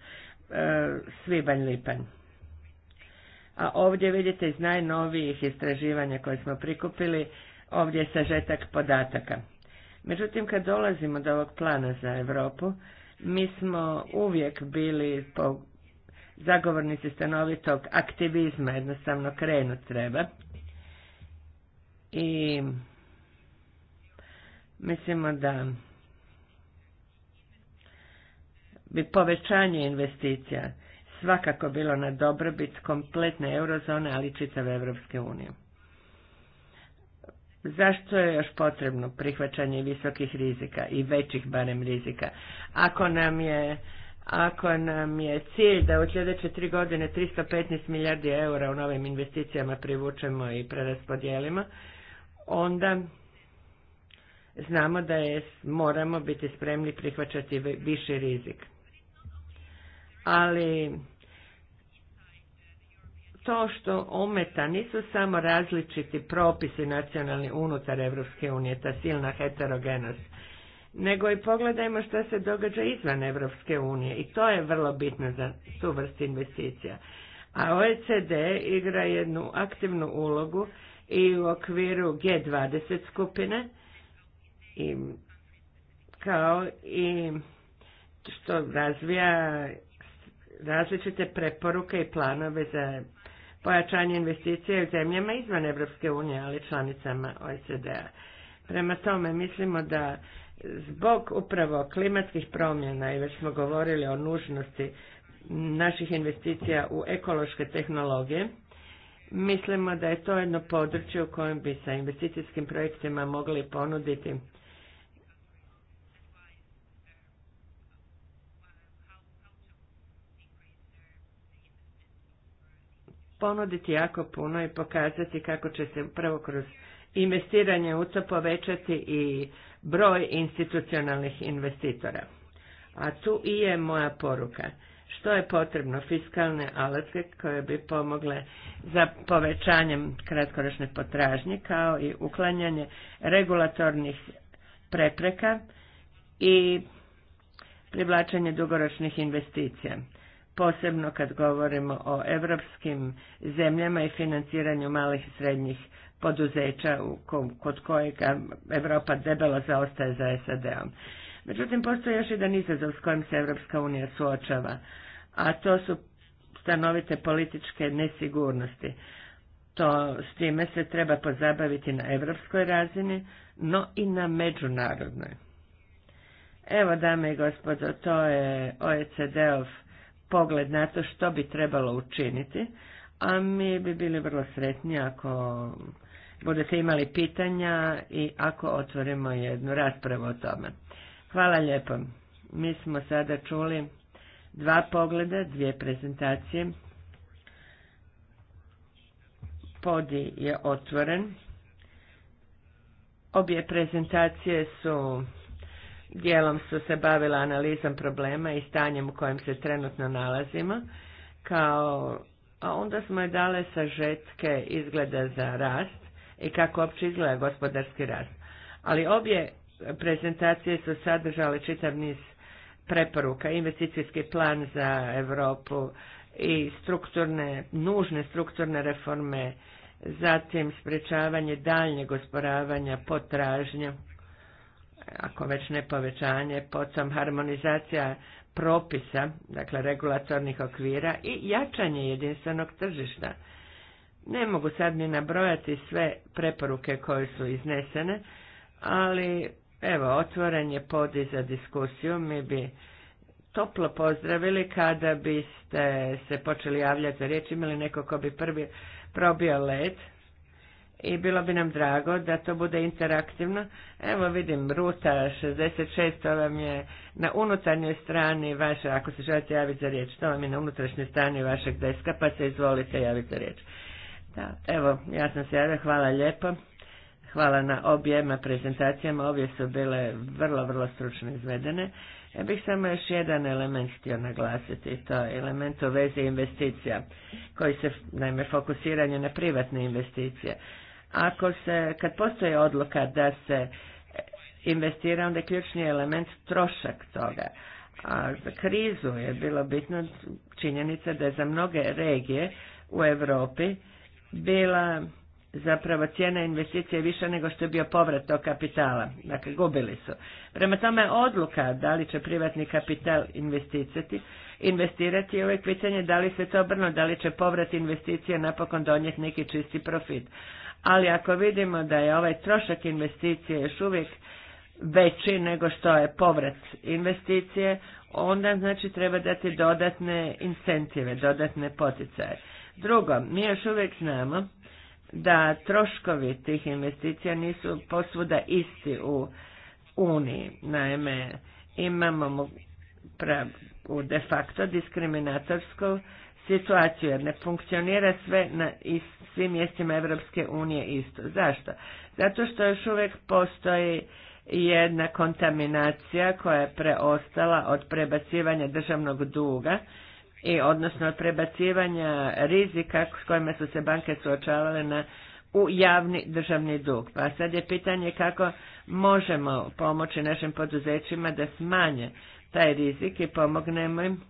svibanj-lipanj. A ovdje vidite iz najnovijih istraživanja koje smo prikupili, ovdje je sažetak podataka. Međutim, kad dolazimo do ovog plana za Europu, mi smo uvijek bili po zagovornici stanovitog aktivizma, jednostavno krenut treba. I mislimo da bi povećanje investicija svakako bilo na dobrobit kompletne eurozone, ali i čitave Evropske unije. Zašto je još potrebno prihvaćanje visokih rizika i većih barem rizika? Ako nam je ako nam je cilj da u sljedeće tri godine 315 milijardi eura u novim investicijama privučemo i preraspodijelimo, onda znamo da moramo biti spremni prihvaćati viši rizik. Ali to što ometa nisu samo različiti propisi nacionalni unutar Evropske unije, ta silna heterogenost, nego i pogledajmo što se događa izvan Evropske unije i to je vrlo bitno za tu investicija. A OECD igra jednu aktivnu ulogu i u okviru G20 skupine i kao i što razvija različite preporuke i planove za pojačanje investicija u zemljama izvan Evropske unije, ali članicama OECD-a. Prema tome, mislimo da Zbog upravo klimatskih promjena i već smo govorili o nužnosti naših investicija u ekološke tehnologije, mislimo da je to jedno područje u kojem bi sa investicijskim projektima mogli ponuditi ponuditi jako puno i pokazati kako će se upravo kroz investiranje u to povećati i broj institucionalnih investitora. A tu i je moja poruka. Što je potrebno? Fiskalne alatke koje bi pomogle za povećanjem kratkoročne potražnje kao i uklanjanje regulatornih prepreka i privlačenje dugoročnih investicija posebno kad govorimo o europskim zemljama i financiranju malih i srednjih poduzeća u, kod kojega Europa debelo zaostaje za SAD-om. Međutim, postoji još jedan izazov s kojim se Europska unija suočava, a to su stanovite političke nesigurnosti. To s time se treba pozabaviti na europskoj razini, no i na međunarodnoj. Evo, dame i gospodo, to je OECD-ov pogled na to što bi trebalo učiniti, a mi bi bili vrlo sretni ako budete imali pitanja i ako otvorimo jednu raspravu o tome. Hvala lijepo. Mi smo sada čuli dva pogleda, dvije prezentacije. Podi je otvoren. Obje prezentacije su, dijelom su se bavila analizom problema i stanjem u kojem se trenutno nalazimo, kao, a onda smo je dale sažetke izgleda za rast i kako uopće izgleda gospodarski rast. Ali obje prezentacije su sadržale čitav niz preporuka, investicijski plan za Europu i strukturne, nužne strukturne reforme, zatim sprečavanje daljnjeg osporavanja potražnje ako već ne povećanje, potom harmonizacija propisa, dakle regulatornih okvira i jačanje jedinstvenog tržišta ne mogu sad ni nabrojati sve preporuke koje su iznesene, ali evo, otvoren je podi za diskusiju. Mi bi toplo pozdravili kada biste se počeli javljati za riječ, imali neko ko bi prvi probio led i bilo bi nam drago da to bude interaktivno. Evo vidim, ruta 66, to vam je na unutarnjoj strani vaše, ako se želite javiti za riječ, to vam je na unutrašnjoj strani vašeg deska, pa se izvolite javiti za riječ. Da. Evo, ja sam se hvala lijepo. Hvala na objema prezentacijama, obje su bile vrlo, vrlo stručno izvedene. Ja bih samo još jedan element htio naglasiti, to je element u vezi investicija, koji se, naime, fokusiranje na privatne investicije. Ako se, kad postoji odluka da se investira, onda je ključni element trošak toga. A za krizu je bilo bitno činjenica da je za mnoge regije u Europi bila zapravo cijena investicije više nego što je bio povrat tog kapitala. Dakle, gubili su. Prema tome, odluka da li će privatni kapital investirati, investirati je uvijek pitanje da li se to obrnu, da li će povrat investicije napokon donijeti neki čisti profit. Ali ako vidimo da je ovaj trošak investicije još uvijek veći nego što je povrat investicije, onda znači treba dati dodatne incentive, dodatne poticaje. Drugo, mi još uvijek znamo da troškovi tih investicija nisu posvuda isti u Uniji. Naime, imamo u de facto diskriminatorsku situaciju, jer ne funkcionira sve na svim mjestima Evropske unije isto. Zašto? Zato što još uvijek postoji jedna kontaminacija koja je preostala od prebacivanja državnog duga i odnosno od prebacivanja rizika s kojima su se banke suočavale na u javni državni dug. Pa sad je pitanje kako možemo pomoći našim poduzećima da smanje taj rizik i pomognemo im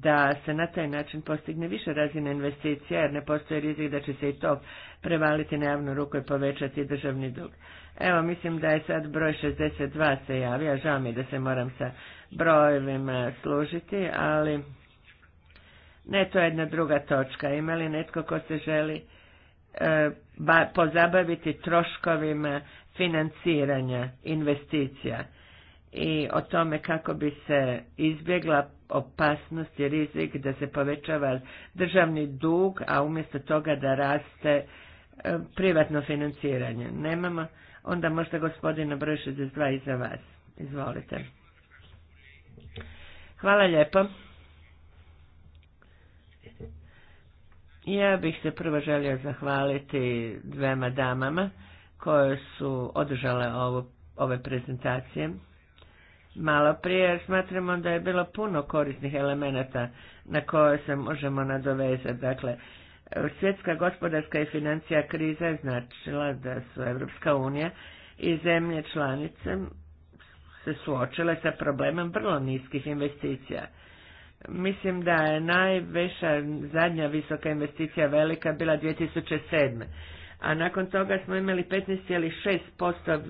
da se na taj način postigne više razina investicija, jer ne postoji rizik da će se i to prevaliti na javnu ruku i povećati državni dug. Evo, mislim da je sad broj 62 se javio, žao mi da se moram sa brojevima služiti, ali ne, to je jedna druga točka. Ima li netko ko se želi e, pozabaviti troškovima financiranja investicija i o tome kako bi se izbjegla opasnost je rizik da se povećava državni dug, a umjesto toga da raste e, privatno financiranje. Nemamo, onda možda gospodina broj 62 iza vas. Izvolite. Hvala lijepo. Ja bih se prvo želio zahvaliti dvema damama koje su održale ove prezentacije malo prije, smatramo da je bilo puno korisnih elemenata na koje se možemo nadovezati. Dakle, svjetska gospodarska i financija kriza je značila da su Evropska unija i zemlje članice se suočile sa problemom vrlo niskih investicija. Mislim da je najveća zadnja visoka investicija velika bila 2007. A nakon toga smo imali 15,6%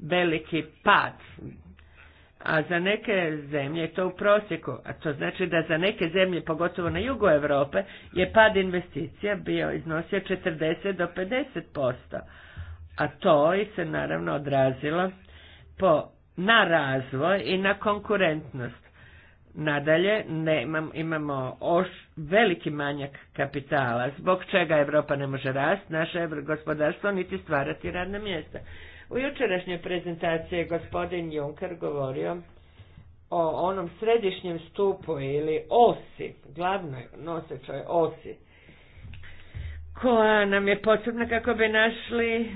veliki pad a za neke zemlje je to u prosjeku, a to znači da za neke zemlje, pogotovo na jugu Europe, je pad investicija bio iznosio 40 do 50%, a to i se naravno odrazilo po, na razvoj i na konkurentnost. Nadalje, ne, imamo oš, veliki manjak kapitala, zbog čega Europa ne može rasti, naše gospodarstvo niti stvarati radne mjesta. U jučerašnjoj prezentaciji je gospodin Juncker govorio o onom središnjem stupu ili osi, glavnoj nosećoj osi, koja nam je potrebna kako bi našli e,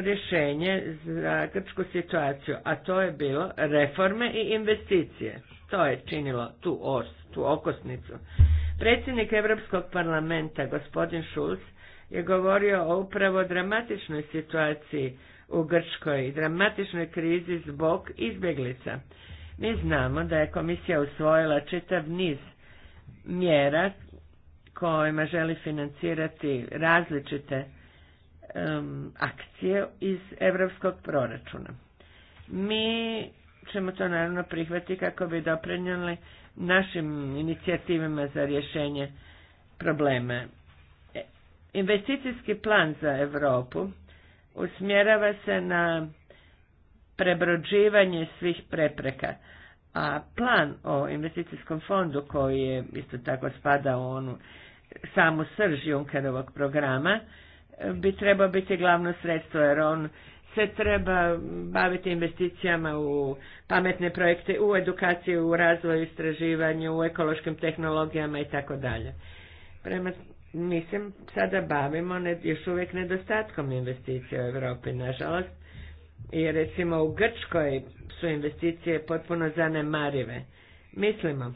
rješenje za grčku situaciju, a to je bilo reforme i investicije. To je činilo tu os, tu okosnicu. Predsjednik Europskog parlamenta, gospodin Schulz, je govorio o upravo dramatičnoj situaciji u Grčkoj, dramatičnoj krizi zbog izbjeglica. Mi znamo da je komisija usvojila čitav niz mjera kojima želi financirati različite akcije iz europskog proračuna. Mi ćemo to naravno prihvatiti kako bi doprinjeli našim inicijativama za rješenje problema. E, investicijski plan za Europu usmjerava se na prebrođivanje svih prepreka. A plan o investicijskom fondu koji je isto tako spada u onu samu srž Junkerovog programa bi trebao biti glavno sredstvo jer on se treba baviti investicijama u pametne projekte, u edukaciju, u razvoju, istraživanju, u ekološkim tehnologijama i tako dalje. Prema Mislim, se sada bavimo još uvijek nedostatkom investicija u Europi, nažalost, Jer, recimo u Grčkoj su investicije potpuno zanemarive. Mislimo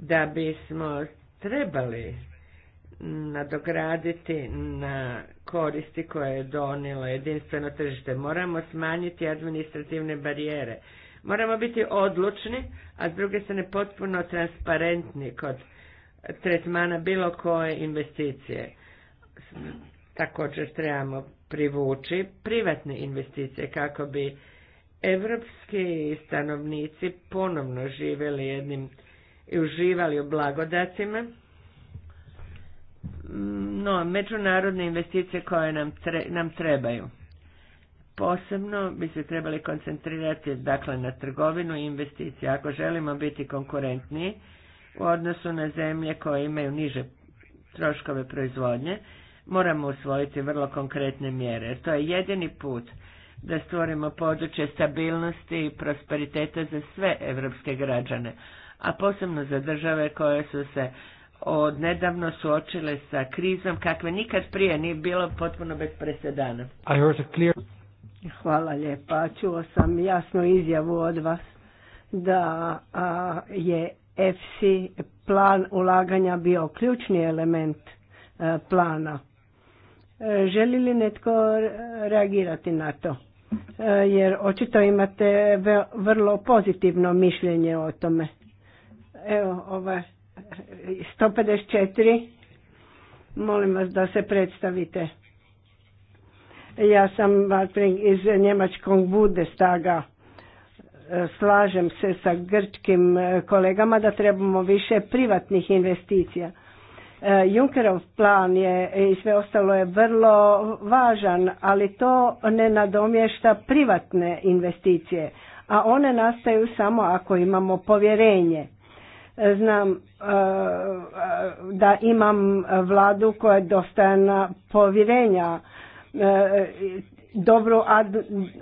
da bismo trebali nadograditi na koristi koje je donijelo jedinstveno tržište. Moramo smanjiti administrativne barijere. Moramo biti odlučni, a s druge strane potpuno transparentni kod tretmana bilo koje investicije. Također trebamo privući privatne investicije kako bi evropski stanovnici ponovno živjeli jednim i uživali u blagodacima. No, međunarodne investicije koje nam, tre, nam trebaju. Posebno bi se trebali koncentrirati dakle na trgovinu i investicije. Ako želimo biti konkurentniji, u odnosu na zemlje koje imaju niže troškove proizvodnje, moramo usvojiti vrlo konkretne mjere. To je jedini put da stvorimo područje stabilnosti i prosperiteta za sve evropske građane, a posebno za države koje su se od nedavno suočile sa krizom kakve nikad prije nije bilo potpuno bez presedana. Hvala lijepa. Čuo sam jasnu izjavu od vas da je EFSI plan ulaganja bio ključni element e, plana. E, želi li netko reagirati na to? E, jer očito imate vrlo pozitivno mišljenje o tome. Evo, ova 154. Molim vas da se predstavite. Ja sam iz njemačkog Bundestaga slažem se sa grčkim e, kolegama da trebamo više privatnih investicija. E, Junkerov plan je i sve ostalo je vrlo važan, ali to ne nadomješta privatne investicije, a one nastaju samo ako imamo povjerenje. Znam e, da imam vladu koja je dostajena povjerenja dobru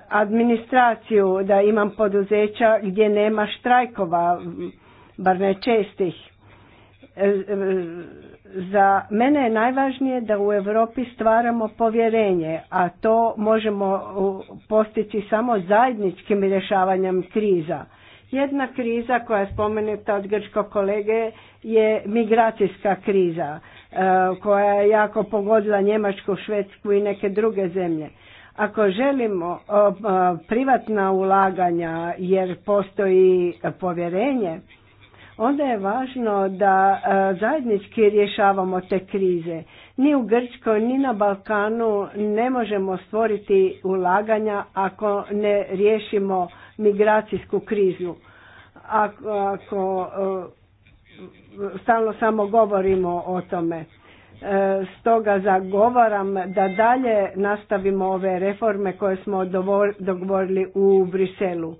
administraciju, da imam poduzeća gdje nema štrajkova, bar ne čestih. E, e, za mene je najvažnije da u Europi stvaramo povjerenje, a to možemo postići samo zajedničkim rješavanjem kriza. Jedna kriza koja je spomenuta od grčkog kolege je migracijska kriza e, koja je jako pogodila Njemačku, Švedsku i neke druge zemlje. Ako želimo privatna ulaganja jer postoji povjerenje, onda je važno da e, zajednički rješavamo te krize. Ni u Grčkoj, ni na Balkanu ne možemo stvoriti ulaganja ako ne riješimo migracijsku krizu. Ako, ako e, stalno samo govorimo o tome. E, stoga zagovaram da dalje nastavimo ove reforme koje smo dogovorili u Briselu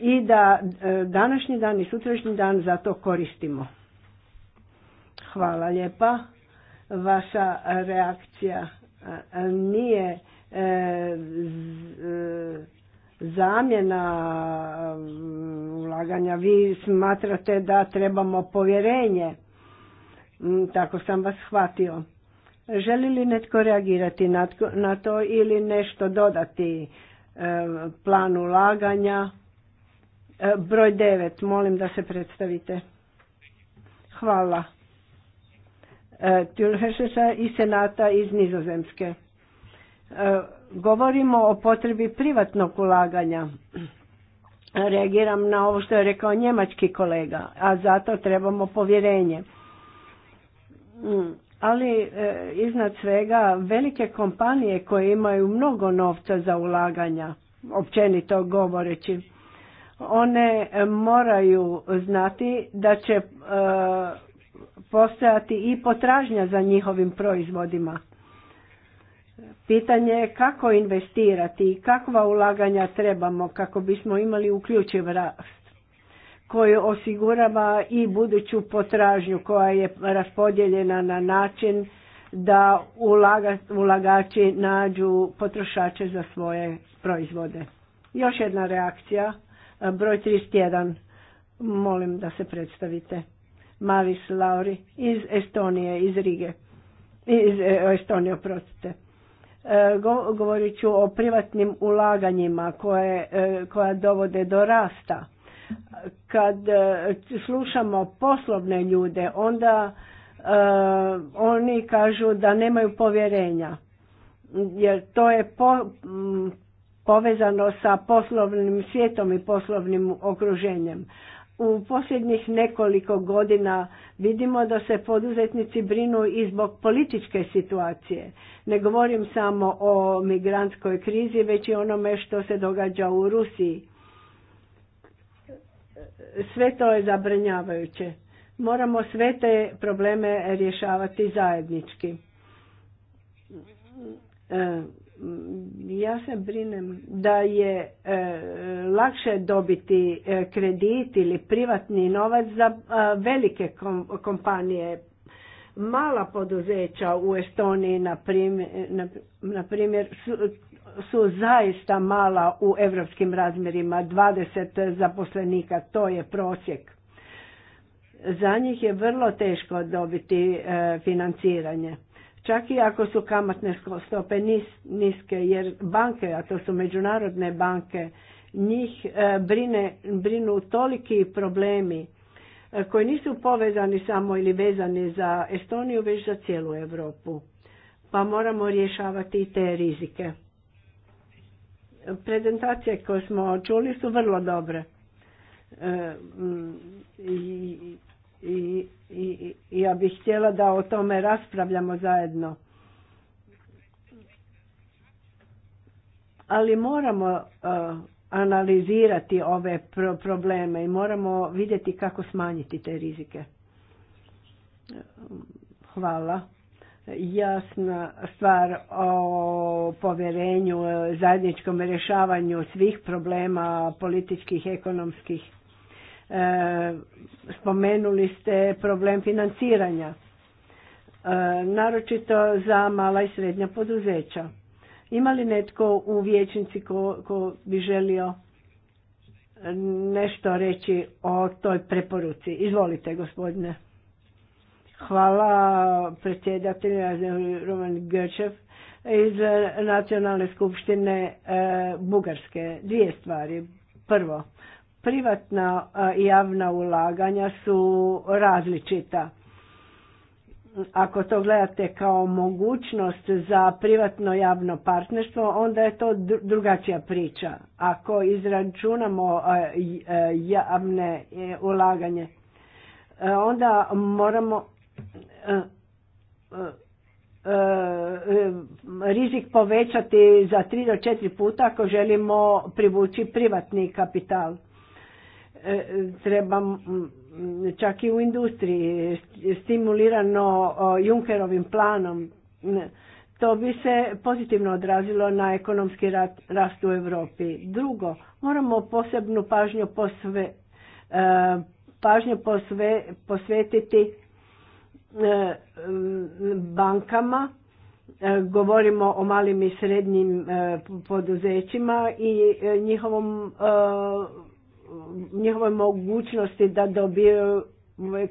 i da e, današnji dan i sutrašnji dan za to koristimo. Hvala lijepa. Vaša reakcija e, nije zamjena ulaganja. Vi smatrate da trebamo povjerenje Mm, tako sam vas shvatio. Želi li netko reagirati na to ili nešto dodati e, plan ulaganja? E, broj devet, molim da se predstavite. Hvala. E, Tjulhešeša i Senata iz Nizozemske. Govorimo o potrebi privatnog ulaganja. Reagiram na ovo što je rekao njemački kolega, a zato trebamo povjerenje ali e, iznad svega velike kompanije koje imaju mnogo novca za ulaganja, općenito govoreći, one e, moraju znati da će e, postojati i potražnja za njihovim proizvodima. Pitanje je kako investirati i kakva ulaganja trebamo kako bismo imali uključiv rast koji osigurava i buduću potražnju koja je raspodijeljena na način da ulaga, ulagači nađu potrošače za svoje proizvode. Još jedna reakcija, broj 31, molim da se predstavite. Maris Lauri iz Estonije, iz Rige, iz e, Estonije, oprostite. E, govorit ću o privatnim ulaganjima koje, e, koja dovode do rasta kad e, slušamo poslovne ljude, onda e, oni kažu da nemaju povjerenja. Jer to je povezano sa poslovnim svijetom i poslovnim okruženjem. U posljednjih nekoliko godina vidimo da se poduzetnici brinu i zbog političke situacije. Ne govorim samo o migrantskoj krizi, već i onome što se događa u Rusiji sve to je zabrinjavajuće. Moramo sve te probleme rješavati zajednički. E, ja se brinem da je e, lakše dobiti e, kredit ili privatni novac za velike kompanije. Mala poduzeća u Estoniji, na primjer, su zaista mala u europskim razmjerima, 20 zaposlenika, to je prosjek. Za njih je vrlo teško dobiti e, financiranje. Čak i ako su kamatne stope niske, jer banke, a to su međunarodne banke, njih e, brine, brinu toliki problemi e, koji nisu povezani samo ili vezani za Estoniju, već za cijelu Europu. Pa moramo rješavati i te rizike. Prezentacije koje smo čuli su vrlo dobre. E, mm, I, i, i, ja bih htjela da o tome raspravljamo zajedno. Ali moramo e, analizirati ove probleme i moramo vidjeti kako smanjiti te rizike. Hvala jasna stvar o povjerenju, e, zajedničkom rješavanju svih problema političkih, ekonomskih. E, spomenuli ste problem financiranja, e, naročito za mala i srednja poduzeća. Ima li netko u vijećnici ko, ko bi želio nešto reći o toj preporuci? Izvolite, gospodine. Hvala predsjedatelju Roman Grčev iz Nacionalne skupštine e, Bugarske. Dvije stvari. Prvo, privatna i e, javna ulaganja su različita. Ako to gledate kao mogućnost za privatno javno partnerstvo, onda je to drugačija priča. Ako izračunamo e, javne ulaganje, onda moramo E, e, e, rizik povećati za 3 do 4 puta ako želimo privući privatni kapital. Treba mm, čak i u industriji stimulirano Junkerovim planom. To bi se pozitivno odrazilo na ekonomski rast u Europi. Drugo, moramo posebnu pažnju, posve, pažnju posve, posvetiti E, bankama, e, govorimo o malim i srednjim e, poduzećima i njihovom, njihovoj mogućnosti da dobiju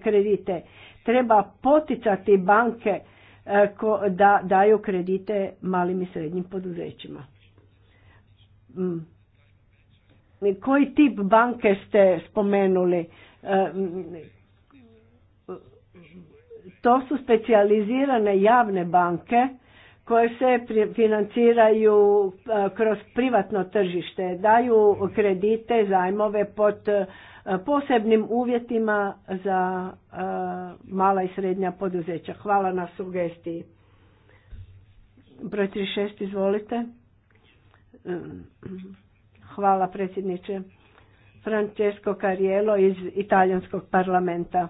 kredite. Treba poticati banke da daju kredite malim i srednjim poduzećima. Mm. Koji tip banke ste spomenuli? To su specijalizirane javne banke koje se financiraju e, kroz privatno tržište, daju kredite, zajmove pod e, posebnim uvjetima za e, mala i srednja poduzeća. Hvala na sugestiji. Broj 36, izvolite. Hvala predsjedniče. Francesco Cariello iz Italijanskog parlamenta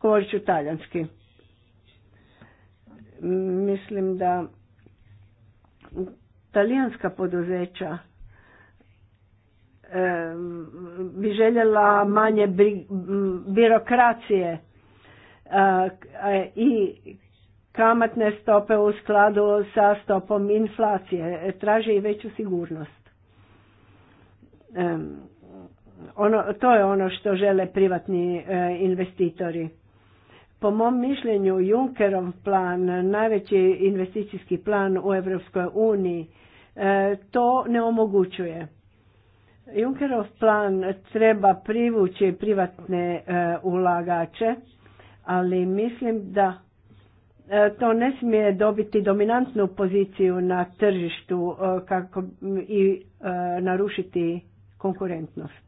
govorit ću talijanski. Mislim da talijanska poduzeća e, bi željela manje birokracije e, i kamatne stope u skladu sa stopom inflacije. E, traže i veću sigurnost. Ono, to je ono što žele privatni e, investitori. Po mom mišljenju Junckerov plan, najveći investicijski plan u Europskoj uniji, e, to ne omogućuje. Junckerov plan treba privući privatne e, ulagače, ali mislim da to ne smije dobiti dominantnu poziciju na tržištu kako i narušiti konkurentnost.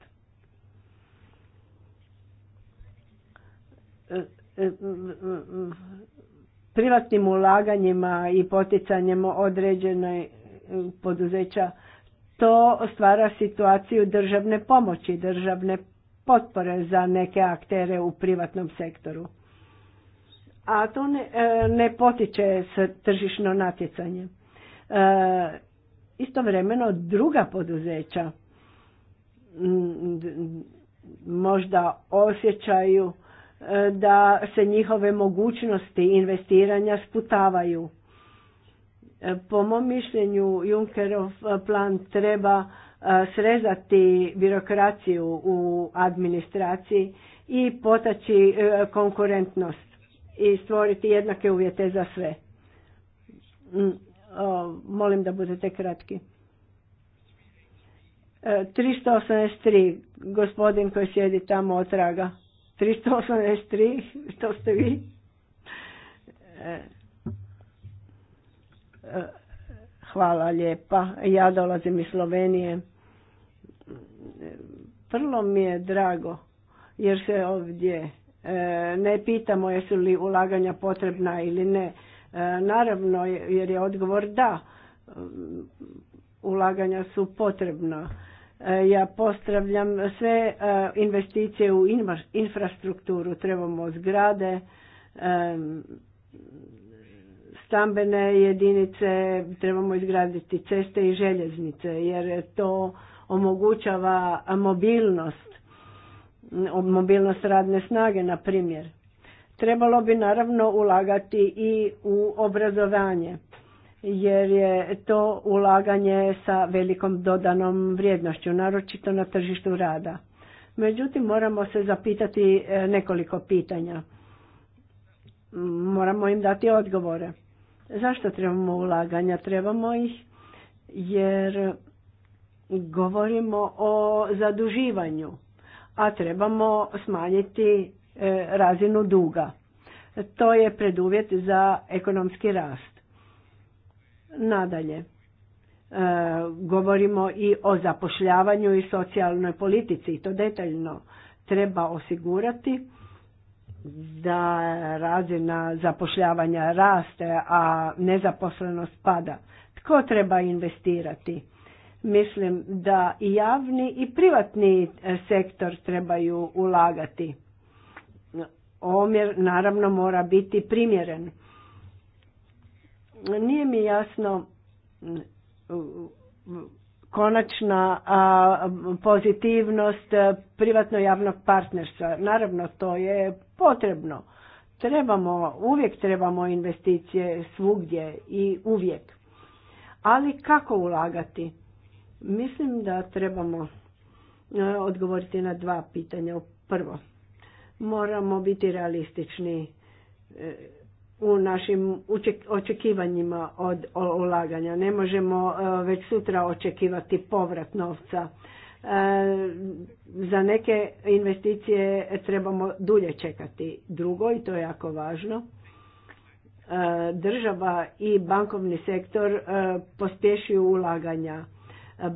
privatnim ulaganjima i poticanjem određene e, poduzeća to stvara situaciju državne pomoći, državne potpore za neke aktere u privatnom sektoru. A to ne, e, ne potiče s tržišno natjecanje. E, istovremeno druga poduzeća možda osjećaju da se njihove mogućnosti investiranja sputavaju. E, po mom mišljenju Junckerov plan treba e, srezati birokraciju u administraciji i potaći e, konkurentnost i stvoriti jednake uvjete za sve. Mm, molim da budete kratki. 383, gospodin koji sjedi tamo od traga. 383, što ste vi. E, e, hvala lijepa. Ja dolazim iz Slovenije. Vrlo mi je drago jer se ovdje e, ne pitamo jesu li ulaganja potrebna ili ne. Naravno jer je odgovor da, ulaganja su potrebna E, ja pozdravljam sve e, investicije u infrastrukturu, trebamo zgrade, e, stambene jedinice, trebamo izgraditi ceste i željeznice jer to omogućava mobilnost, mobilnost radne snage na primjer. Trebalo bi naravno ulagati i u obrazovanje jer je to ulaganje sa velikom dodanom vrijednošću, naročito na tržištu rada. Međutim, moramo se zapitati e, nekoliko pitanja. Moramo im dati odgovore. Zašto trebamo ulaganja? Trebamo ih jer govorimo o zaduživanju, a trebamo smanjiti e, razinu duga. To je preduvjet za ekonomski rast. Nadalje, e, govorimo i o zapošljavanju i socijalnoj politici i to detaljno treba osigurati da razina zapošljavanja raste, a nezaposlenost pada. Tko treba investirati? Mislim da i javni i privatni e, sektor trebaju ulagati. Omjer naravno mora biti primjeren. Nije mi jasno konačna pozitivnost e, privatno-javnog partnerstva. Naravno, to je potrebno. Trebamo, uvijek trebamo investicije svugdje i uvijek. Ali kako ulagati? Mislim da trebamo e, odgovoriti na dva pitanja. Prvo, moramo biti realistični e, u našim očekivanjima od ulaganja. Ne možemo e, već sutra očekivati povrat novca. E, za neke investicije trebamo dulje čekati. Drugo, i to je jako važno, e, država i bankovni sektor pospješuju ulaganja.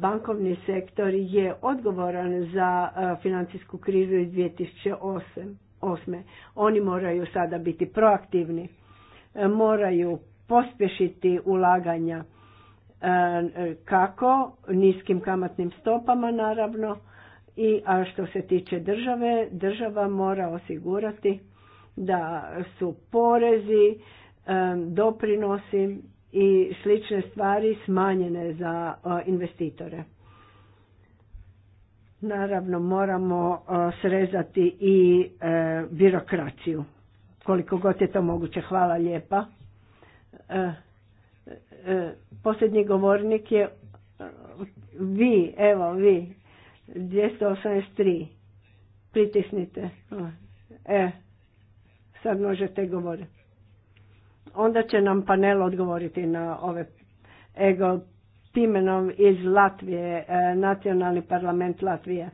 Bankovni sektor je odgovoran za financijsku krizu iz 2008. Oni moraju sada biti proaktivni E, moraju pospješiti ulaganja e, kako niskim kamatnim stopama naravno i a što se tiče države država mora osigurati da su porezi e, doprinosi i slične stvari smanjene za investitore naravno moramo srezati i birokraciju koliko god je to moguće. Hvala lijepa. E, e, e, posljednji govornik je vi, evo vi, 283. Pritisnite. E, sad možete govoriti. Onda će nam panel odgovoriti na ove ego pimenom iz Latvije, nacionalni parlament Latvije.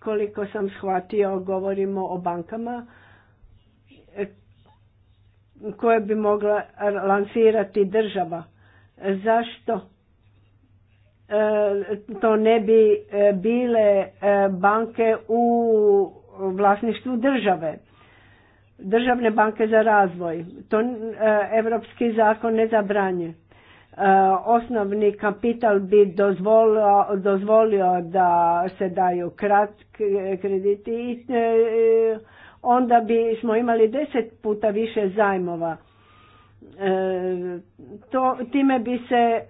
Koliko sam shvatio, govorimo o bankama, koje bi mogla lansirati država. Zašto? E, to ne bi e, bile e, banke u vlasništvu države. Državne banke za razvoj. To evropski zakon ne zabranje. Osnovni kapital bi dozvolio, dozvolio da se daju kratki krediti i onda bismo imali deset puta više zajmova. E, to, time bi se e,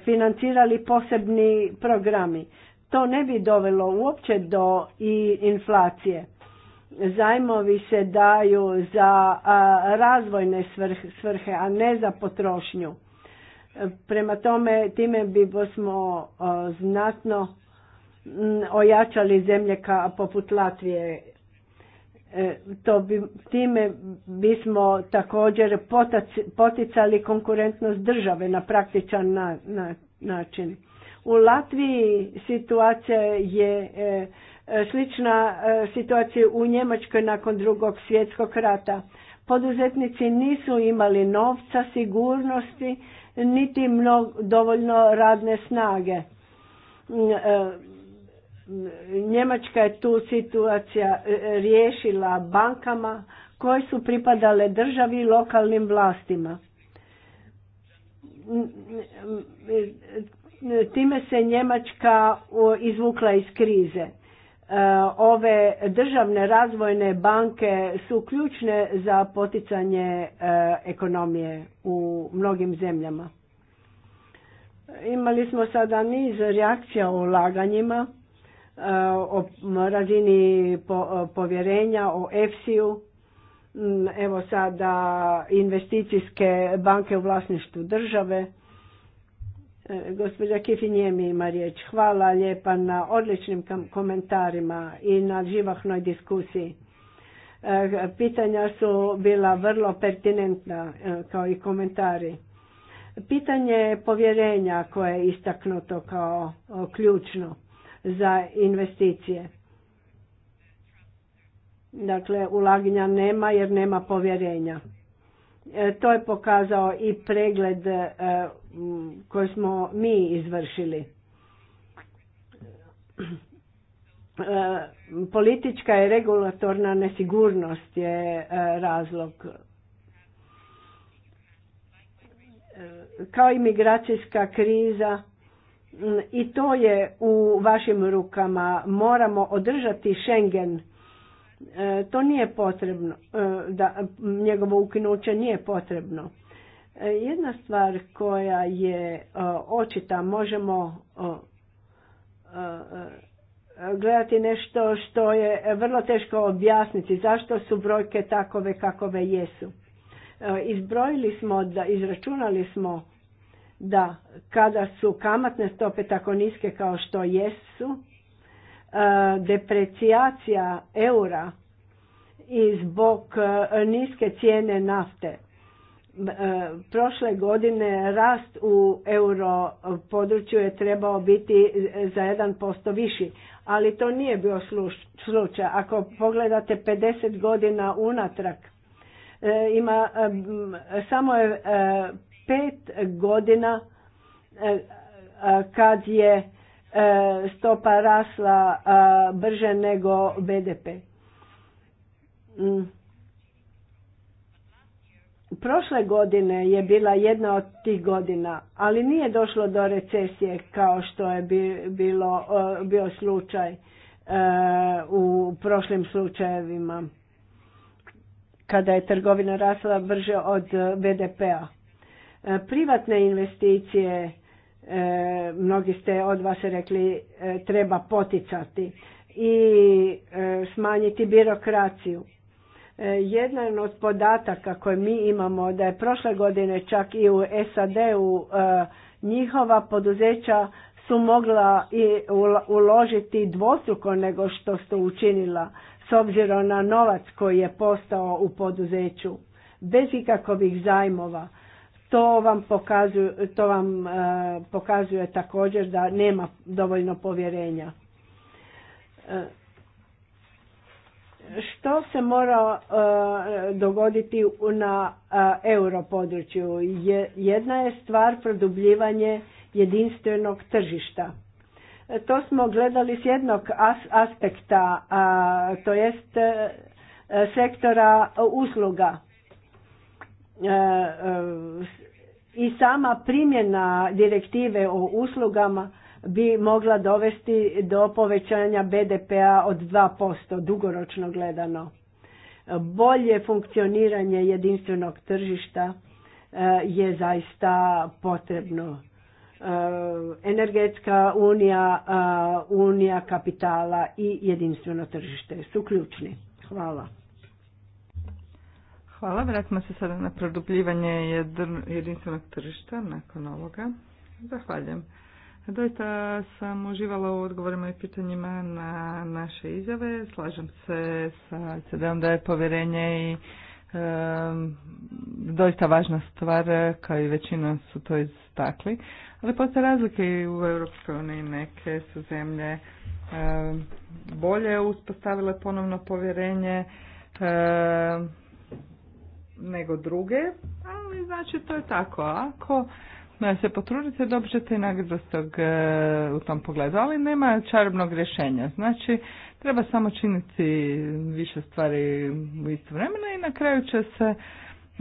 financirali posebni programi. To ne bi dovelo uopće do i inflacije. Zajmovi se daju za razvojne svrhe, a ne za potrošnju. E, prema tome, time bi smo znatno ojačali zemlje poput Latvije E, to bi, time bismo također poticali konkurentnost države na praktičan način. U Latviji situacija je e, e, slična e, situacija u Njemačkoj nakon drugog svjetskog rata. Poduzetnici nisu imali novca, sigurnosti, niti mnog, dovoljno radne snage. Njemačka je tu situacija e, e, riješila bankama koje su pripadale državi i lokalnim vlastima. Time se Njemačka izvukla iz krize. E, ove državne razvojne banke su ključne za poticanje ekonomije u mnogim zemljama. Imali smo sada niz reakcija o ulaganjima o razini povjerenja, o EFSI-u, mm, evo sada investicijske banke u vlasništvu države. E, gospođa Kifinjemi ima riječ. Hvala lijepa na odličnim komentarima i na živahnoj diskusiji. E, pitanja su bila vrlo pertinentna e, kao i komentari. Pitanje povjerenja koje je istaknuto kao ključno za investicije. Dakle, ulaganja nema jer nema povjerenja. E, to je pokazao i pregled e, koji smo mi izvršili. E, politička i regulatorna nesigurnost je razlog. Kao i migracijska kriza Mm, i to je u vašim rukama. Moramo održati Schengen. E, to nije potrebno, e, da, njegovo ukinuće nije potrebno. E, jedna stvar koja je očita, možemo gledati nešto što je vrlo teško objasniti, zašto su brojke takove kakove jesu. Izbrojili smo, da, izračunali smo da kada su kamatne stope tako niske kao što jesu, e, deprecijacija eura i zbog e, niske cijene nafte. E, prošle godine rast u euro području je trebao biti za 1% viši, ali to nije bio slučaj. Ako pogledate 50 godina unatrag, ima, samo je pet godina e, e, kad je e, stopa rasla brže nego BDP. Mm. Prošle godine je bila jedna od tih godina, ali nije došlo do recesije kao što je bilo, bio slučaj u prošlim slučajevima kada je trgovina rasla brže od BDP-a. Privatne investicije, e, mnogi ste od vas rekli, e, treba poticati i e, smanjiti birokraciju. Jedan od podataka koje mi imamo da je prošle godine čak i u SAD-u njihova poduzeća su mogla i uložiti dvostruko nego što su učinila s obzirom na novac koji je postao u poduzeću bez ikakvih zajmova to vam pokazuje, to vam e, pokazuje također da nema dovoljno povjerenja. E, što se mora e, dogoditi na europodručju? Jedna je stvar produbljivanje jedinstvenog tržišta. To smo gledali s jednog aspekta, to jest sektora usluga. E, e, i sama primjena direktive o uslugama bi mogla dovesti do povećanja BDP-a od 2% dugoročno gledano. Bolje funkcioniranje jedinstvenog tržišta e, je zaista potrebno. Energetska unija, unija kapitala i jedinstveno tržište su ključni. Hvala. Hvala. Vratimo se sada na produbljivanje jedinstvenog tržišta nakon ovoga. Zahvaljujem. Doista sam uživala u odgovorima i pitanjima na naše izjave. Slažem se sa CDM da je povjerenje i e, važna stvar, kao i većina su to istakli. Ali postoje razlike i u Europskoj uniji neke su zemlje bolje uspostavile ponovno povjerenje nego druge, ali znači to je tako. Ako se potrudite, dobit ćete i e, u tom pogledu, ali nema čarobnog rješenja. Znači, treba samo činiti više stvari u isto vremena i na kraju će se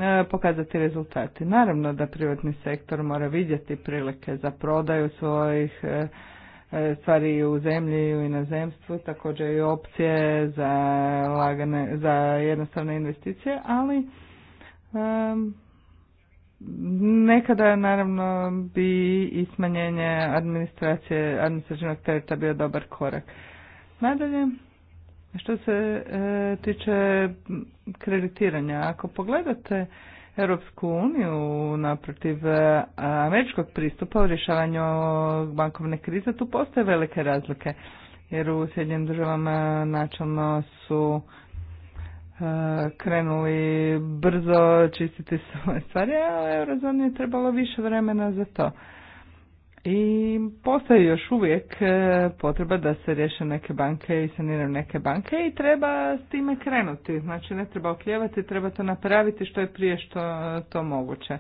e, pokazati rezultati. Naravno da privatni sektor mora vidjeti prilike za prodaju svojih e, stvari u zemlji i u inozemstvu, također i opcije za, lagane, za jednostavne investicije, ali Nekada naravno bi i smanjenje administracije, administrativnog tereta bio dobar korak. Nadalje, što se e, tiče kreditiranja, ako pogledate Europsku uniju naprotiv e, američkog pristupa u rješavanju bankovne krize, tu postoje velike razlike. Jer u Sjedinjenim državama načalno su E, krenuli brzo čistiti svoje stvari, a Eurozoni je trebalo više vremena za to. I postoji još uvijek e, potreba da se riješe neke banke i saniraju neke banke i treba s time krenuti. Znači ne treba okljevati, treba to napraviti što je prije što to moguće.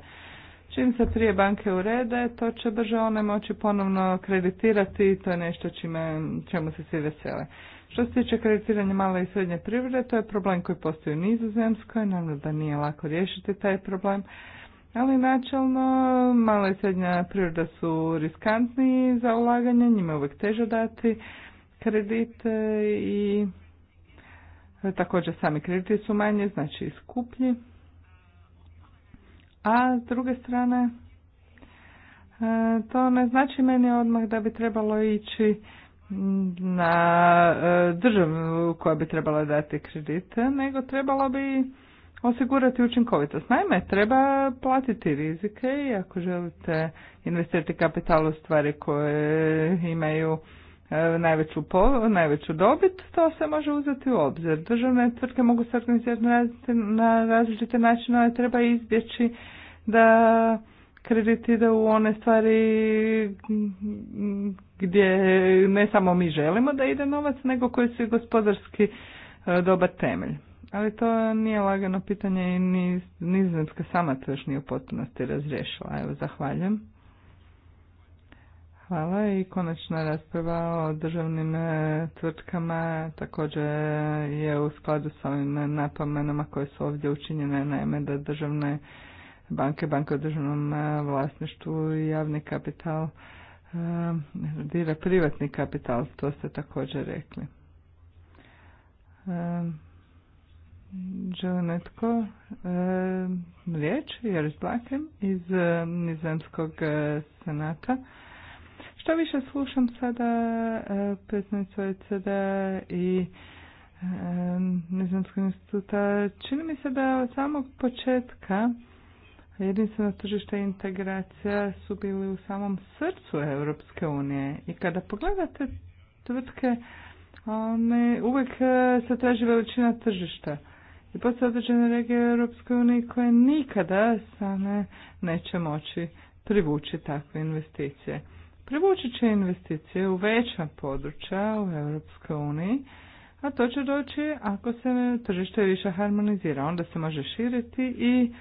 Čim se prije banke urede, to će brže one moći ponovno kreditirati i to je nešto čime, čemu se svi vesele. Što se tiče kreditiranja male i srednje privrede, to je problem koji postoji u Nizozemskoj, naravno da nije lako riješiti taj problem, ali načelno mala i srednja privreda su riskantni za ulaganje, njima je uvijek teže dati kredite i također sami krediti su manje, znači i skuplji. A s druge strane, e, to ne znači meni odmah da bi trebalo ići na e, državu koja bi trebala dati kredite, nego trebalo bi osigurati učinkovitost. Naime, treba platiti rizike i ako želite investirati kapital u stvari koje imaju e, najveću, po, najveću dobit, to se može uzeti u obzir. Državne tvrtke mogu se organizirati na različite načine, ali treba izbjeći da kredit ide u one stvari gdje ne samo mi želimo da ide novac, nego koji su gospodarski e, dobar temelj. Ali to nije lagano pitanje i ni nizozemska sama to još nije u potpunosti razriješila. Evo, zahvaljujem. Hvala i konačna rasprava o državnim e, tvrtkama također je u skladu sa ovim napomenama koje su ovdje učinjene, naime da državne banke, banke u državnom e, vlasništvu i javni kapital Ehm, dira privatni kapital, to ste također rekli. Ehm, želi netko ehm, riječ, jer Blakem iz Nizemskog e, senata. Što više slušam sada e, predsjednicu oecd i Nizemskog instituta, čini mi se da od samog početka jedinstveno tržište integracija su bili u samom srcu Europske unije i kada pogledate tvrtke one, uvijek e, se traži veličina tržišta i postoje određene regije Europske unije koje nikada same neće moći privući takve investicije. Privući će investicije u veća područja u Europskoj uniji, a to će doći ako se tržište više harmonizira. Onda se može širiti i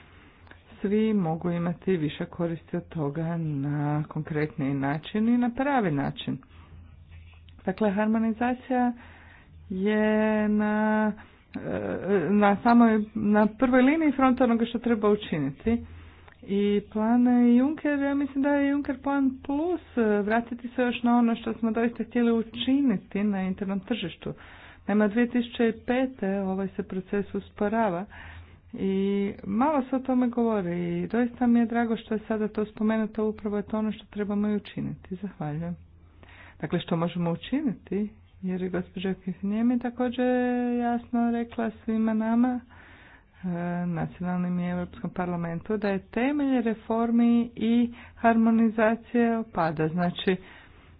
svi mogu imati više koristi od toga na konkretni način i na pravi način. Dakle, harmonizacija je na, e, na, samoj, na prvoj liniji fronta onoga što treba učiniti. I plan Juncker, ja mislim da je Juncker plan plus e, vratiti se još na ono što smo doista htjeli učiniti na internom tržištu. Nema 2005. ovaj se proces usporava i malo se o tome govori i doista mi je drago što je sada to spomenuto, upravo je to ono što trebamo i učiniti. Zahvaljujem. Dakle, što možemo učiniti? Jer je gospođa Kifinijemi također jasno rekla svima nama, e, nacionalnim i Europskom parlamentu, da je temelj reformi i harmonizacije opada. Znači,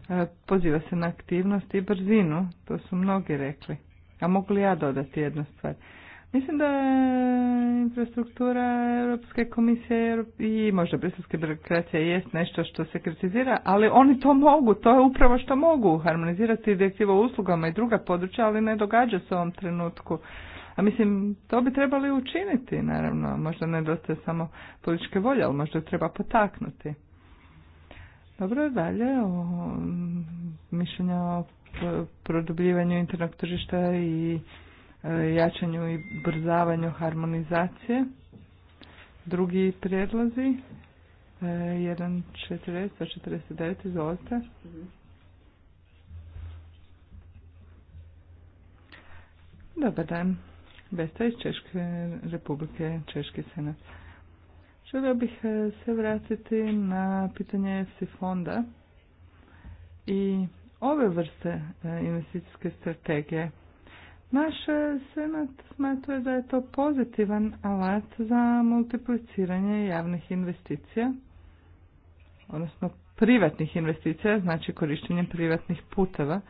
e, poziva se na aktivnost i brzinu, to su mnogi rekli. A mogu li ja dodati jednu stvar? Mislim da je infrastruktura Europske komisije i možda briselske birokracije jest nešto što se kritizira, ali oni to mogu, to je upravo što mogu, harmonizirati direktivo uslugama i druga područja, ali ne događa se u ovom trenutku. A mislim, to bi trebali učiniti, naravno, možda nedostaje samo političke volje, ali možda treba potaknuti. Dobro, dalje, o, mišljenja o produbljivanju internog tržišta i E, jačanju i brzavanju harmonizacije. Drugi prijedlozi, e, četrdeset 149, izvolite. Dobar dan. Besta iz Češke republike, Češki senat. Želio bih e, se vratiti na pitanje EFSI fonda i ove vrste investicijske strategije. Naš e, senat smatra da je to pozitivan alat za multipliciranje javnih investicija, odnosno privatnih investicija, znači korištenje privatnih puteva.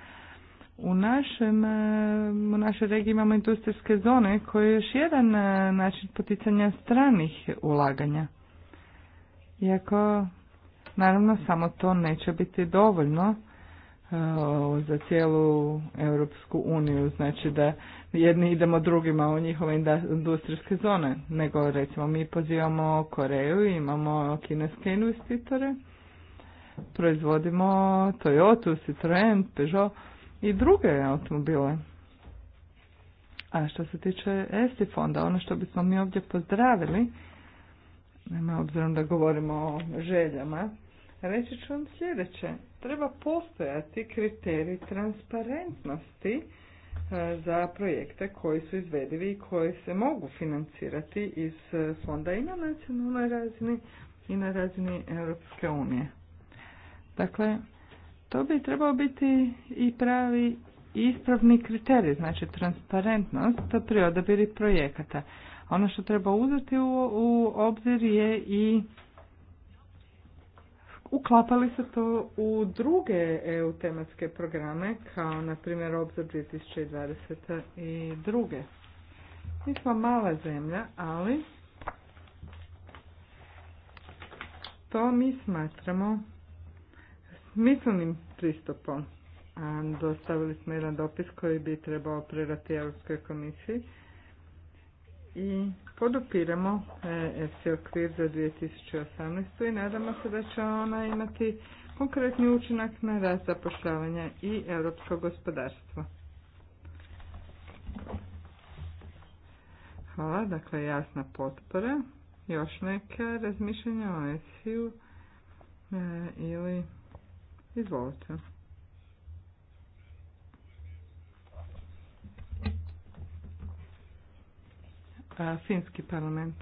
U, našem, e, u našoj regiji imamo industrijske zone koje je još jedan e, način poticanja stranih ulaganja. Iako, naravno, samo to neće biti dovoljno za cijelu Europsku uniju, znači da jedni idemo drugima u njihove industrijske zone, nego recimo mi pozivamo Koreju, imamo kineske investitore, proizvodimo Toyota, Citroen, Peugeot i druge automobile. A što se tiče esti fonda, ono što bismo mi ovdje pozdravili, nema obzirom da govorimo o željama, reći ću vam sljedeće treba postojati kriterij transparentnosti e, za projekte koji su izvedivi i koji se mogu financirati iz e, fonda i na nacionalnoj razini i na razini Europske unije. Dakle, to bi trebao biti i pravi ispravni kriterij, znači transparentnost pri odabiri projekata. Ono što treba uzeti u, u obzir je i uklapali se to u druge EU tematske programe, kao na primjer Obzor 2020. i druge. Mi smo mala zemlja, ali to mi smatramo smislenim pristupom. Dostavili smo jedan dopis koji bi trebao predati Europskoj komisiji i podupiramo EFC okvir za 2018. i nadamo se da će ona imati konkretni učinak na rast zapošljavanja i europsko gospodarstvo. Hvala, dakle jasna potpora. Još neka razmišljanja o efc ili izvolite. Pa, finski parlament.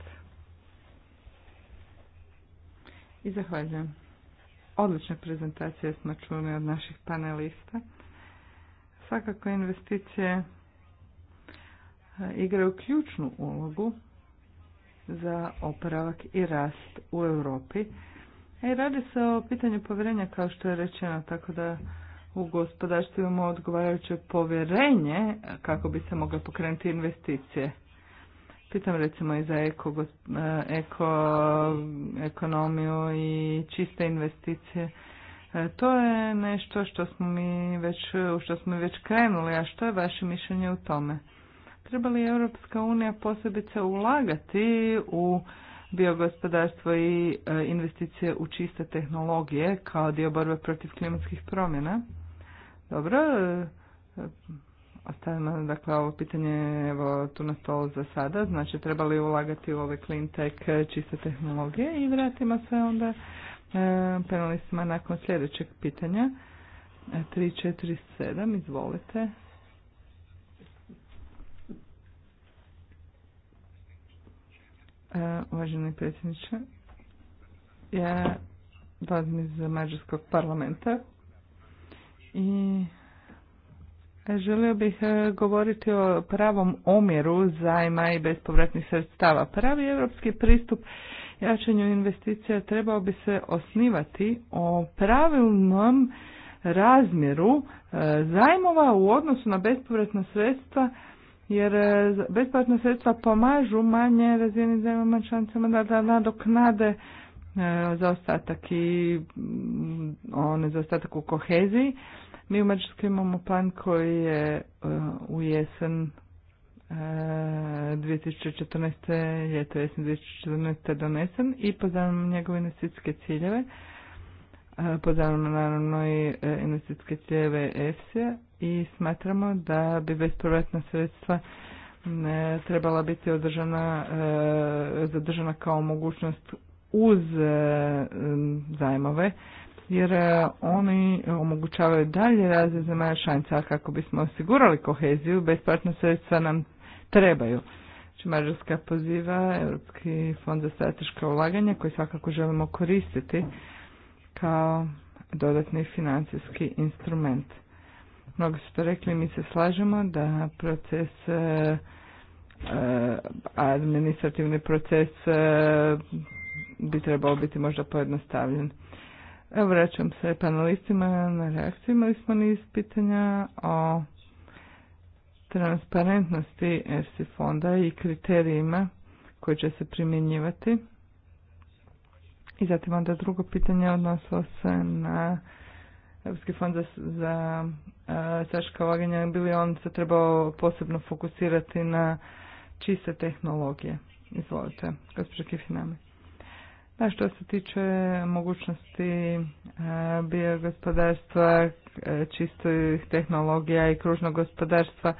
I zahvaljujem. Odlične prezentacije smo čuli od naših panelista. Svakako investicije e, igraju ključnu ulogu za oporavak i rast u Europi. I e, radi se o pitanju povjerenja kao što je rečeno, tako da u gospodarstvu imamo odgovarajuće povjerenje kako bi se mogle pokrenuti investicije pitam recimo i za eko, e, eko, ekonomiju i čiste investicije. E, to je nešto što smo mi već, što smo već krenuli, a što je vaše mišljenje u tome? Treba li Europska unija posebice ulagati u biogospodarstvo i e, investicije u čiste tehnologije kao dio borbe protiv klimatskih promjena? Dobro, ostavimo dakle ovo pitanje evo tu na stolu za sada, znači treba li ulagati u ove clean e, čiste tehnologije i vratimo se onda e, penalistima nakon sljedećeg pitanja. E, 347, izvolite. E, uvaženi predsjedniče, ja dolazim iz Mađarskog parlamenta i Želio bih e, govoriti o pravom omjeru zajma i bespovratnih sredstava. Pravi europski pristup jačanju investicija trebao bi se osnivati o pravilnom razmjeru e, zajmova u odnosu na bespovratna sredstva jer e, bespovratna sredstva pomažu manje razvijenim zemljama članicama da, nadoknade zaostatak i mm, one zaostatak u koheziji, mi u Mađarskoj imamo plan koji je uh, u jesen 2014. Uh, ljeto jesen 2014. donesen i pozdravljamo njegove investicijske ciljeve. Uh, pozdravljamo naravno i investicijske ciljeve efsi i smatramo da bi bespovratna sredstva trebala biti održana, zadržana kao mogućnost uz zajmove jer e, oni omogućavaju dalje razvoj zemalja članica kako bismo osigurali koheziju, besplatna sredstva nam trebaju. Znači, Mađarska poziva Europski fond za strateška ulaganja koji svakako želimo koristiti kao dodatni financijski instrument. Mnogo su to rekli, mi se slažemo da proces e, e, administrativni proces bi trebao biti možda pojednostavljen. Evo vraćam se panelistima na reakciju. Imali smo niz pitanja o transparentnosti FC fonda i kriterijima koji će se primjenjivati. I zatim onda drugo pitanje odnosilo se na Europski fond za, za e, strateška Bi li on se trebao posebno fokusirati na čiste tehnologije? Izvolite, gospođa Kifinami. A što se tiče mogućnosti e, biogospodarstva, e, čistih tehnologija i kružnog gospodarstva,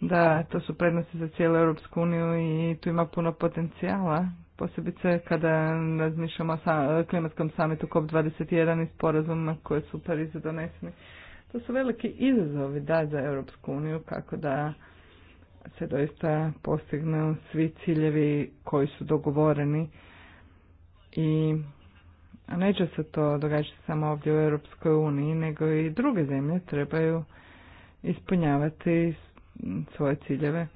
da to su prednosti za cijelu Europsku uniju i tu ima puno potencijala, posebice kada razmišljamo o klimatskom samitu COP21 i sporazumima koje su u Parizu doneseni. To su veliki izazovi da za Europsku uniju kako da se doista postignu svi ciljevi koji su dogovoreni i neće se to događati samo ovdje u Europskoj uniji, nego i druge zemlje trebaju ispunjavati svoje ciljeve.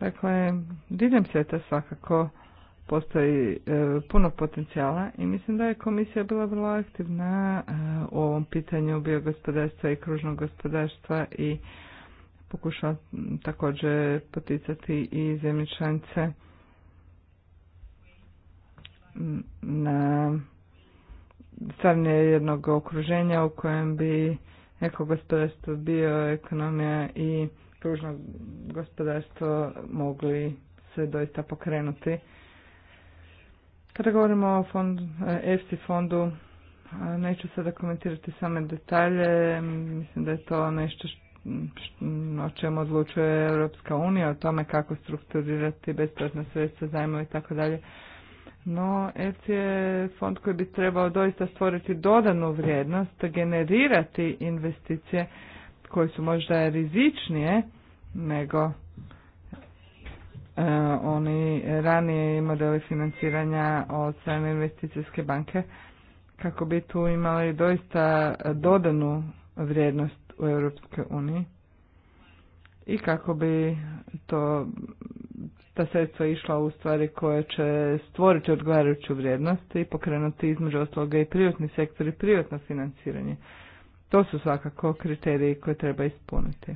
Dakle, diljem svijeta svakako postoji e, puno potencijala i mislim da je komisija bila vrlo aktivna e, u ovom pitanju biogospodarstva i kružnog gospodarstva i pokušala također poticati i zemlje članice na stvaranje jednog okruženja u kojem bi bio bioekonomija i kružno gospodarstvo mogli se doista pokrenuti. Kada govorimo o fond, e fondu, neću sada komentirati same detalje, mislim da je to nešto o čemu odlučuje Europska unija, o tome kako strukturirati besplatna sredstva, zajmove i tako dalje. No, je fond koji bi trebao doista stvoriti dodanu vrijednost, generirati investicije koje su možda rizičnije nego e, oni ranije modeli financiranja od strane investicijske banke kako bi tu imali doista dodanu vrijednost u EU uniji i kako bi to ta sredstva išla u stvari koje će stvoriti odgovarajuću vrijednost i pokrenuti između ostaloga i privatni sektor i privatno financiranje. To su svakako kriteriji koje treba ispuniti.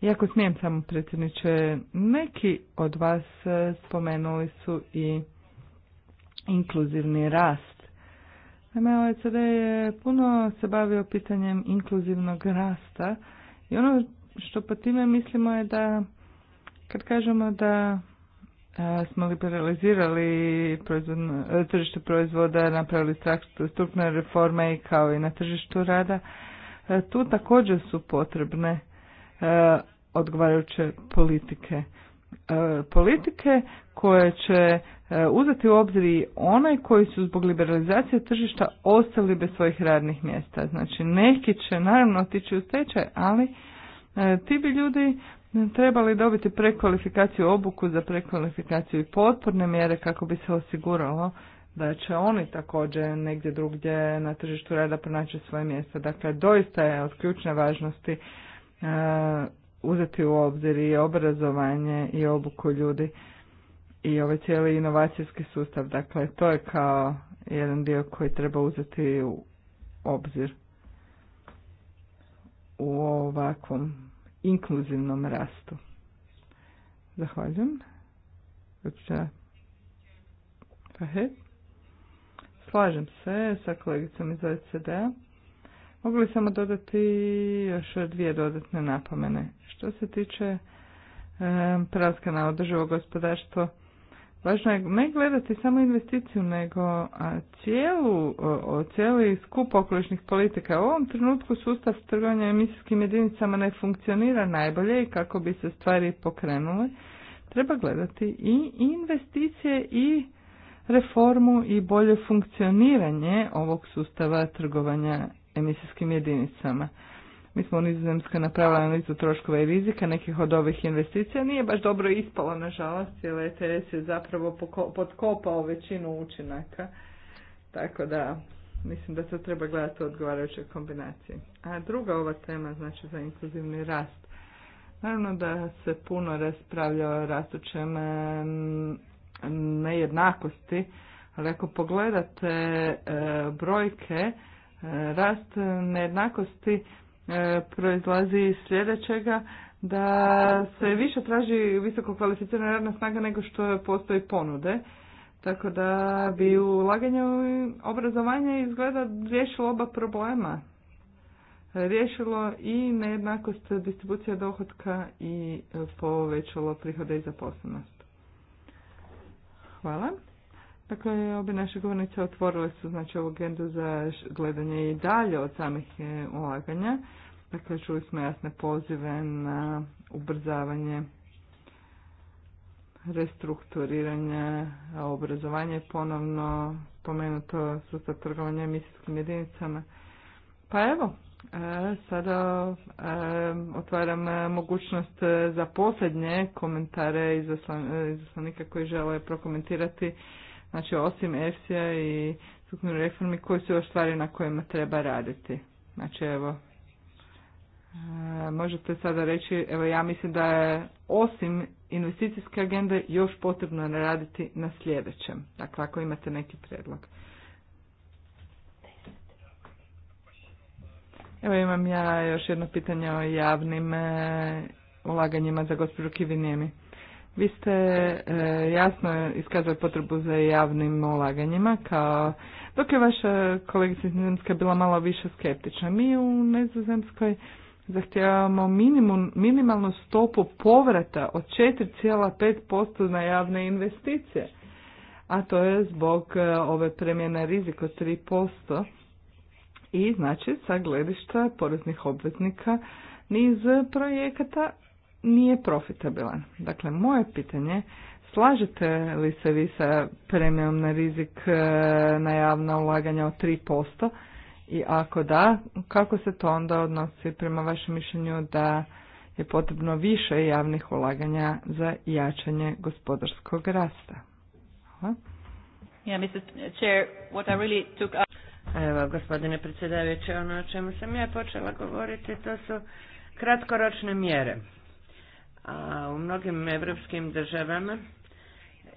Iako smijem samo predsjedniče, neki od vas e, spomenuli su i inkluzivni rast. Naime, OECD je puno se bavio pitanjem inkluzivnog rasta i ono što po time mislimo je da kad kažemo da E, smo liberalizirali e, tržište proizvoda, napravili strukturne reforme i kao i na tržištu rada. E, tu također su potrebne odgovarajuće politike. Politike koje će uzeti u obzir i onaj koji su zbog liberalizacije tržišta ostali bez svojih radnih mjesta. Znači neki će naravno otići u stečaj, ali ti bi ljudi trebali dobiti prekvalifikaciju obuku za prekvalifikaciju i potporne mjere kako bi se osiguralo da će oni također negdje drugdje na tržištu rada pronaći svoje mjesto. Dakle, doista je od ključne važnosti e, uzeti u obzir i obrazovanje i obuku ljudi i ovaj cijeli inovacijski sustav. Dakle, to je kao jedan dio koji treba uzeti u obzir u ovakvom inkluzivnom rastu. Zahvaljujem. Slažem se sa kolegicom iz OECD-a. Mogu li samo dodati još dvije dodatne napomene. Što se tiče prelaska na održivo gospodarstvo, Važno je ne gledati samo investiciju, nego cijelu, cijeli skup okolišnih politika. U ovom trenutku sustav trgovanja emisijskim jedinicama ne funkcionira najbolje i kako bi se stvari pokrenule, treba gledati i investicije i reformu i bolje funkcioniranje ovog sustava trgovanja emisijskim jedinicama. Mi smo u Nizozemskoj napravili analizu troškova i rizika nekih od ovih investicija. Nije baš dobro ispalo, nažalost, jer ETS je zapravo podkopao većinu učinaka. Tako da mislim da se treba gledati u odgovarajućoj kombinaciji. A druga ova tema, znači za inkluzivni rast. Naravno da se puno raspravlja o rastućem mm, nejednakosti, ali ako pogledate e, brojke, e, rast nejednakosti E, proizlazi iz sljedećega da se više traži visoko kvalificirana radna snaga nego što postoji ponude. Tako da bi ulaganje u obrazovanje izgleda riješilo oba problema. Riješilo i nejednakost distribucija dohotka i povećalo prihode i zaposlenost. Hvala. Dakle, obe naše govornice otvorile su znači ovu agendu za gledanje i dalje od samih e, ulaganja. Dakle, čuli smo jasne pozive na ubrzavanje restrukturiranja, obrazovanje ponovno spomenuto sustav trgovanja emisijskim jedinicama. Pa evo, e, sada e, otvaram mogućnost za posljednje komentare izaslanika koji žele prokomentirati znači osim EFSI-a i strukturne reformi, koje su još stvari na kojima treba raditi. Znači evo, e, možete sada reći, evo ja mislim da je osim investicijske agende još potrebno raditi na sljedećem. Dakle, ako imate neki predlog. Evo imam ja još jedno pitanje o javnim e, ulaganjima za gospođu Kivinijemi. Vi ste e, jasno iskazali potrebu za javnim ulaganjima, kao dok je vaša kolegica iz bila malo više skeptična. Mi u Nizozemskoj zahtijevamo minimum, minimalnu stopu povrata od 4,5% na javne investicije, a to je zbog e, ove premjene riziko 3%. I znači sa gledišta poreznih obveznika niz projekata nije profitabilan. Dakle, moje pitanje, slažete li se vi sa premijom na rizik e, na javna ulaganja od 3%? I ako da, kako se to onda odnosi prema vašem mišljenju da je potrebno više javnih ulaganja za jačanje gospodarskog rasta? Hvala. Evo, gospodine predsjedavajući, ono o čemu sam ja počela govoriti, to su kratkoročne mjere a u mnogim evropskim državama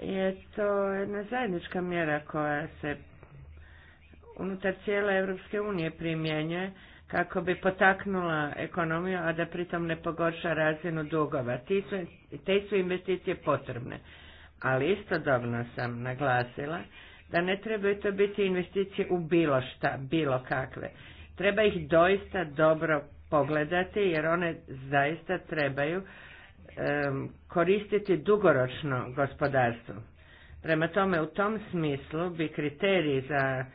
je to jedna zajednička mjera koja se unutar cijele Evropske unije primjenjuje kako bi potaknula ekonomiju, a da pritom ne pogorša razinu dugova. te su investicije potrebne, ali istodobno sam naglasila da ne trebaju to biti investicije u bilo šta, bilo kakve. Treba ih doista dobro pogledati jer one zaista trebaju koristiti dugoročno gospodarstvo. Prema tome, u tom smislu bi kriteriji za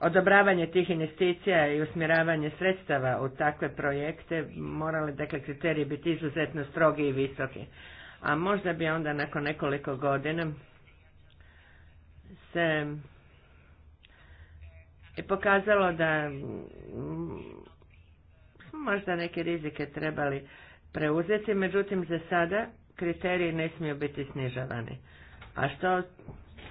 odobravanje tih investicija i usmjeravanje sredstava u takve projekte morali, dakle, kriteriji biti izuzetno strogi i visoki. A možda bi onda nakon nekoliko godina se i pokazalo da možda neke rizike trebali preuzeti, međutim za sada kriteriji ne smiju biti snižavani. A što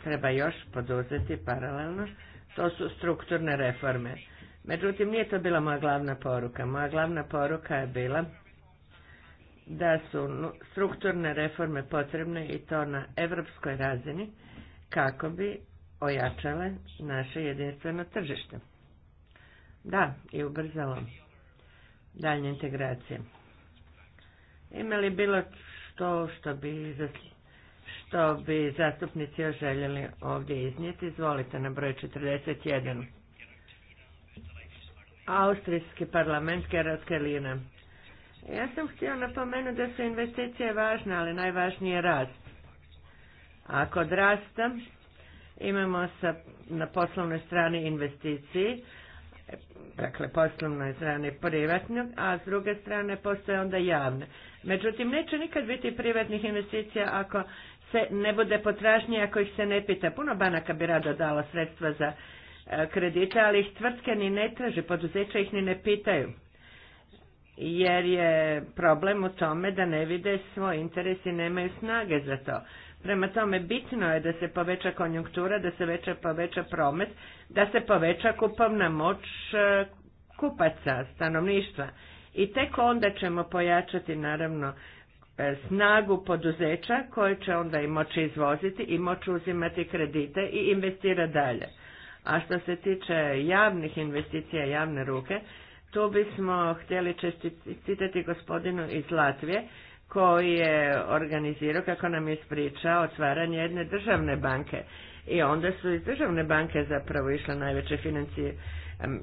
treba još poduzeti paralelno? To su strukturne reforme. Međutim, nije to bila moja glavna poruka. Moja glavna poruka je bila da su strukturne reforme potrebne i to na evropskoj razini kako bi ojačale naše jedinstveno tržište. Da, i ubrzalo daljnje integracije. Ima li bilo što što bi, što bi zastupnici još željeli ovdje iznijeti. Izvolite na broj 41. Austrijski parlament Gerardska Lina. Ja sam htio napomenuti da su investicije važne, ali najvažniji je rast. A kod rasta imamo sa, na poslovnoj strani investiciji, dakle poslovnoj strane privatnog, a s druge strane postoje onda javne. Međutim, neće nikad biti privatnih investicija ako se ne bude potražnje, ako ih se ne pita. Puno banaka bi rado dala sredstva za e, kredite, ali ih tvrtke ni ne traže, poduzeća ih ni ne pitaju. Jer je problem u tome da ne vide svoj interes i nemaju snage za to. Prema tome, bitno je da se poveća konjunktura, da se veća poveća promet, da se poveća kupovna moć e, kupaca, stanovništva. I tek onda ćemo pojačati naravno e, snagu poduzeća koje će onda i moći izvoziti i moći uzimati kredite i investirati dalje. A što se tiče javnih investicija, javne ruke, tu bismo htjeli čestitati gospodinu iz Latvije koji je organizirao, kako nam je spričao, otvaranje jedne državne banke. I onda su iz državne banke zapravo išle najveće financije.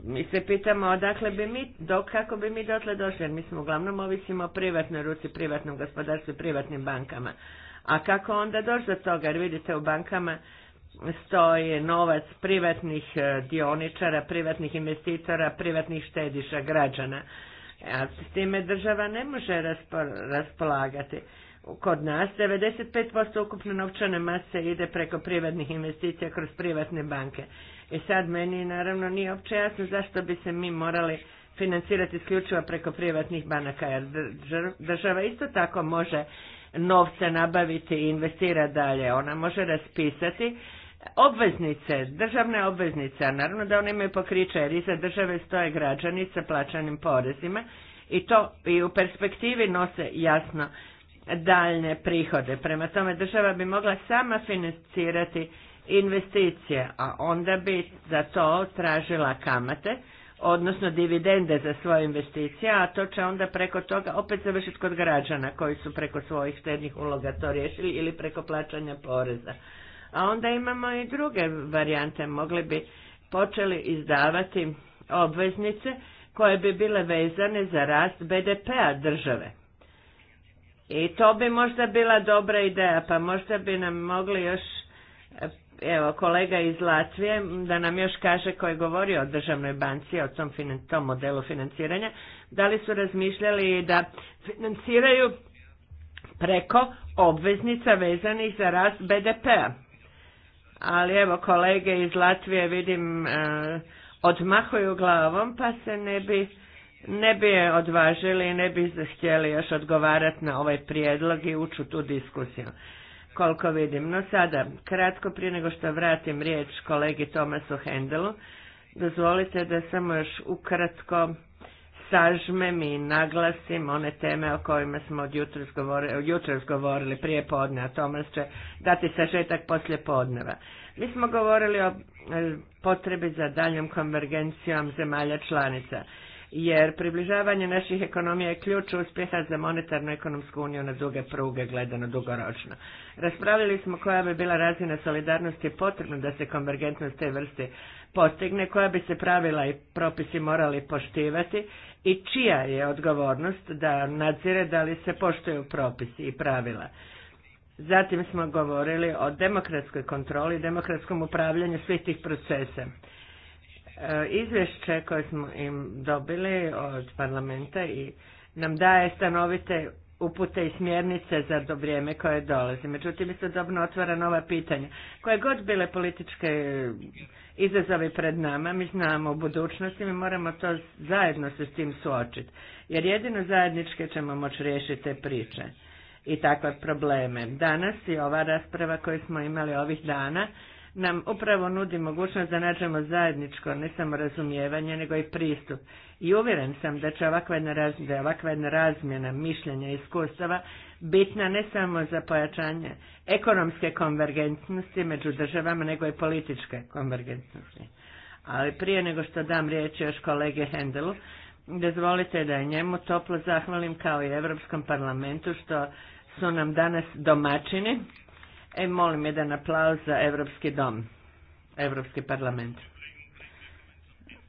Mi se pitamo odakle bi mi, do, kako bi mi dotle došli, jer mi smo uglavnom ovisimo o privatnoj ruci, privatnom gospodarstvu i privatnim bankama. A kako onda doći do toga, jer vidite u bankama stoji novac privatnih e, dioničara, privatnih investitora, privatnih štediša, građana a s time država ne može raspolagati. Kod nas 95% ukupne novčane mase ide preko privatnih investicija kroz privatne banke. I sad meni naravno nije opće jasno zašto bi se mi morali financirati isključivo preko privatnih banaka, jer država isto tako može novce nabaviti i investirati dalje. Ona može raspisati obveznice, državne obveznice, a naravno da one imaju pokriče jer iza države stoje građani sa plaćanim porezima i to i u perspektivi nose jasno daljne prihode. Prema tome država bi mogla sama financirati investicije, a onda bi za to tražila kamate, odnosno dividende za svoje investicije, a to će onda preko toga opet završiti kod građana koji su preko svojih štednih uloga to riješili ili preko plaćanja poreza. A onda imamo i druge varijante. Mogli bi počeli izdavati obveznice koje bi bile vezane za rast BDP-a države. I to bi možda bila dobra ideja, pa možda bi nam mogli još, evo kolega iz Latvije, da nam još kaže koji je o državnoj banci, o tom, tom modelu financiranja, da li su razmišljali da financiraju preko obveznica vezanih za rast BDP-a ali evo kolege iz Latvije vidim e, odmahuju glavom pa se ne bi ne bi odvažili i ne bi se htjeli još odgovarati na ovaj prijedlog i ući u tu diskusiju koliko vidim. No sada, kratko prije nego što vratim riječ kolegi Tomasu Hendelu, dozvolite da samo još ukratko sažmem i naglasim one teme o kojima smo od jutros govorili, jutros govorili prije podne, a Tomas će dati sažetak poslje podneva. Mi smo govorili o e, potrebi za daljom konvergencijom zemalja članica jer približavanje naših ekonomija je ključ uspjeha za monetarnu ekonomsku uniju na duge pruge gledano dugoročno. Raspravili smo koja bi bila razina solidarnosti potrebna da se konvergentnost te vrste postigne, koja bi se pravila i propisi morali poštivati i čija je odgovornost da nadzire da li se poštuju propisi i pravila. Zatim smo govorili o demokratskoj kontroli, i demokratskom upravljanju svih tih procesa izvješće koje smo im dobili od parlamenta i nam daje stanovite upute i smjernice za do vrijeme koje dolazi. Međutim, dobno otvara nova pitanja. Koje god bile političke izazovi pred nama, mi znamo u budućnosti, mi moramo to zajedno se s tim suočiti. Jer jedino zajedničke ćemo moći riješiti te priče i takve probleme. Danas i ova rasprava koju smo imali ovih dana nam upravo nudi mogućnost da nađemo zajedničko ne samo razumijevanje nego i pristup. I uvjeren sam da će ovakva jedna razmjena, razmjena mišljenja i iskustava bitna ne samo za pojačanje ekonomske konvergentnosti među državama nego i političke konvergentnosti. Ali prije nego što dam riječ još kolege Hendelu, dozvolite da njemu toplo zahvalim kao i Europskom parlamentu što su nam danas domaćini E, molim jedan aplauz za Europski dom, Europski parlament.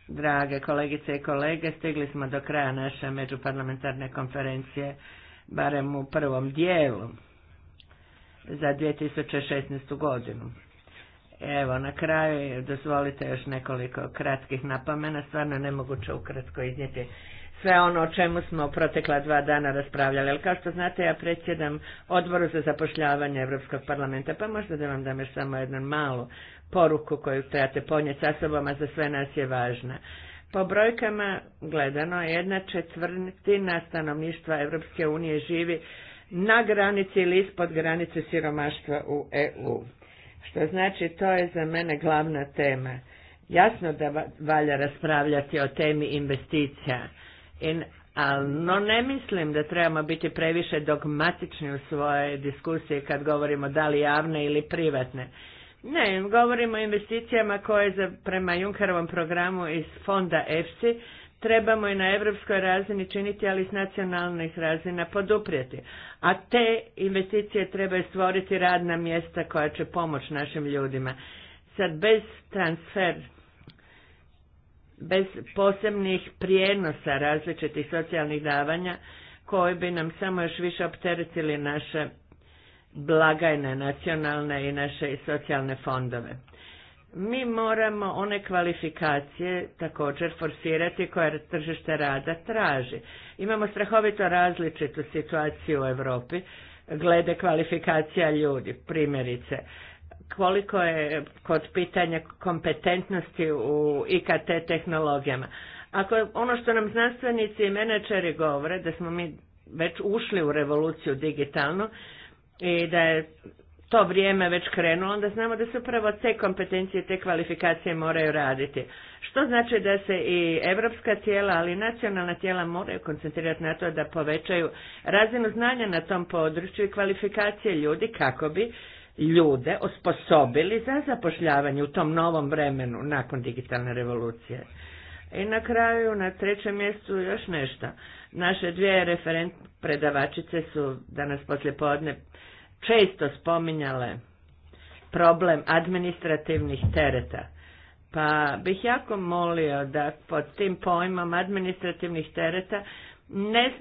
Drage kolegice i kolege, stigli smo do kraja naše međuparlamentarne konferencije, barem u prvom dijelu za 2016. godinu. Evo, na kraju dozvolite još nekoliko kratkih napomena, stvarno nemoguće ukratko iznijeti sve ono o čemu smo protekla dva dana raspravljali. Ali kao što znate, ja predsjedam odboru za zapošljavanje Europskog parlamenta, pa možda da vam dam samo jednu malu poruku koju trebate ponijeti sa sobom, a za sve nas je važna. Po brojkama gledano, jedna četvrtina stanovništva Europske unije živi na granici ili ispod granice siromaštva u EU. Što znači, to je za mene glavna tema. Jasno da valja raspravljati o temi investicija, In, ali no ne mislim da trebamo biti previše dogmatični u svoje diskusije kad govorimo da li javne ili privatne. Ne, govorimo o investicijama koje za, prema Junkerovom programu iz fonda EFSI trebamo i na europskoj razini činiti, ali s nacionalnih razina poduprijeti. A te investicije trebaju stvoriti radna mjesta koja će pomoći našim ljudima. Sad bez transfer bez posebnih prijenosa različitih socijalnih davanja koji bi nam samo još više opteretili naše blagajne nacionalne i naše socijalne fondove. Mi moramo one kvalifikacije također forsirati koje tržište rada traži. Imamo strahovito različitu situaciju u Europi glede kvalifikacija ljudi, primjerice koliko je kod pitanja kompetentnosti u IKT tehnologijama. Ako je ono što nam znanstvenici i menadžeri govore, da smo mi već ušli u revoluciju digitalnu i da je to vrijeme već krenulo, onda znamo da se upravo te kompetencije, te kvalifikacije moraju raditi. Što znači da se i evropska tijela, ali i nacionalna tijela moraju koncentrirati na to da povećaju razinu znanja na tom području i kvalifikacije ljudi kako bi ljude osposobili za zapošljavanje u tom novom vremenu nakon digitalne revolucije. I na kraju, na trećem mjestu, još nešto. Naše dvije referent predavačice su danas poslje podne često spominjale problem administrativnih tereta. Pa bih jako molio da pod tim pojmom administrativnih tereta ne,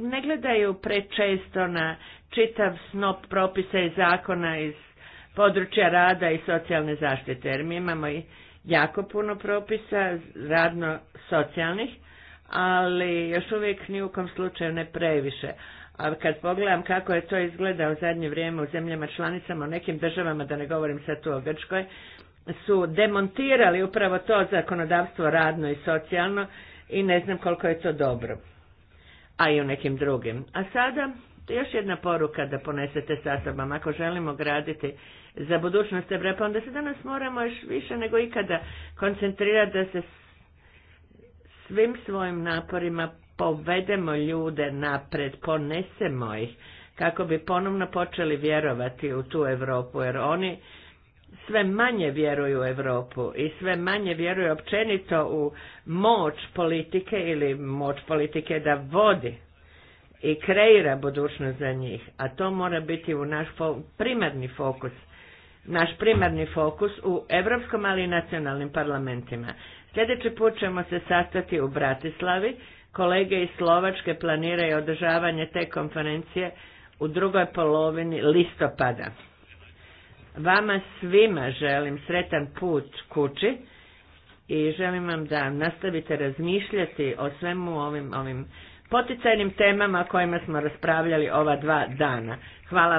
ne gledaju prečesto na čitav snop propisa i zakona iz područja rada i socijalne zaštite, jer mi imamo i jako puno propisa radno-socijalnih, ali još uvijek ni u kom slučaju ne previše. A kad pogledam kako je to izgleda u zadnje vrijeme u zemljama članicama, u nekim državama, da ne govorim sad tu o Grčkoj, su demontirali upravo to zakonodavstvo radno i socijalno i ne znam koliko je to dobro. A i u nekim drugim. A sada još jedna poruka da ponesete sa sobom. Ako želimo graditi za budućnost Evrope, onda se danas moramo još više nego ikada koncentrirati da se svim svojim naporima povedemo ljude napred, ponesemo ih, kako bi ponovno počeli vjerovati u tu Europu, jer oni sve manje vjeruju u Europu i sve manje vjeruju općenito u moć politike ili moć politike da vodi i kreira budućnost za njih, a to mora biti u naš primarni fokus, naš primarni fokus u Europskom ali i nacionalnim parlamentima. Sljedeći put ćemo se sastati u Bratislavi, kolege iz Slovačke planiraju održavanje te konferencije u drugoj polovini listopada. Vama svima želim sretan put kući i želim vam da nastavite razmišljati o svemu ovim ovim poticajnim temama kojima smo raspravljali ova dva dana. Hvala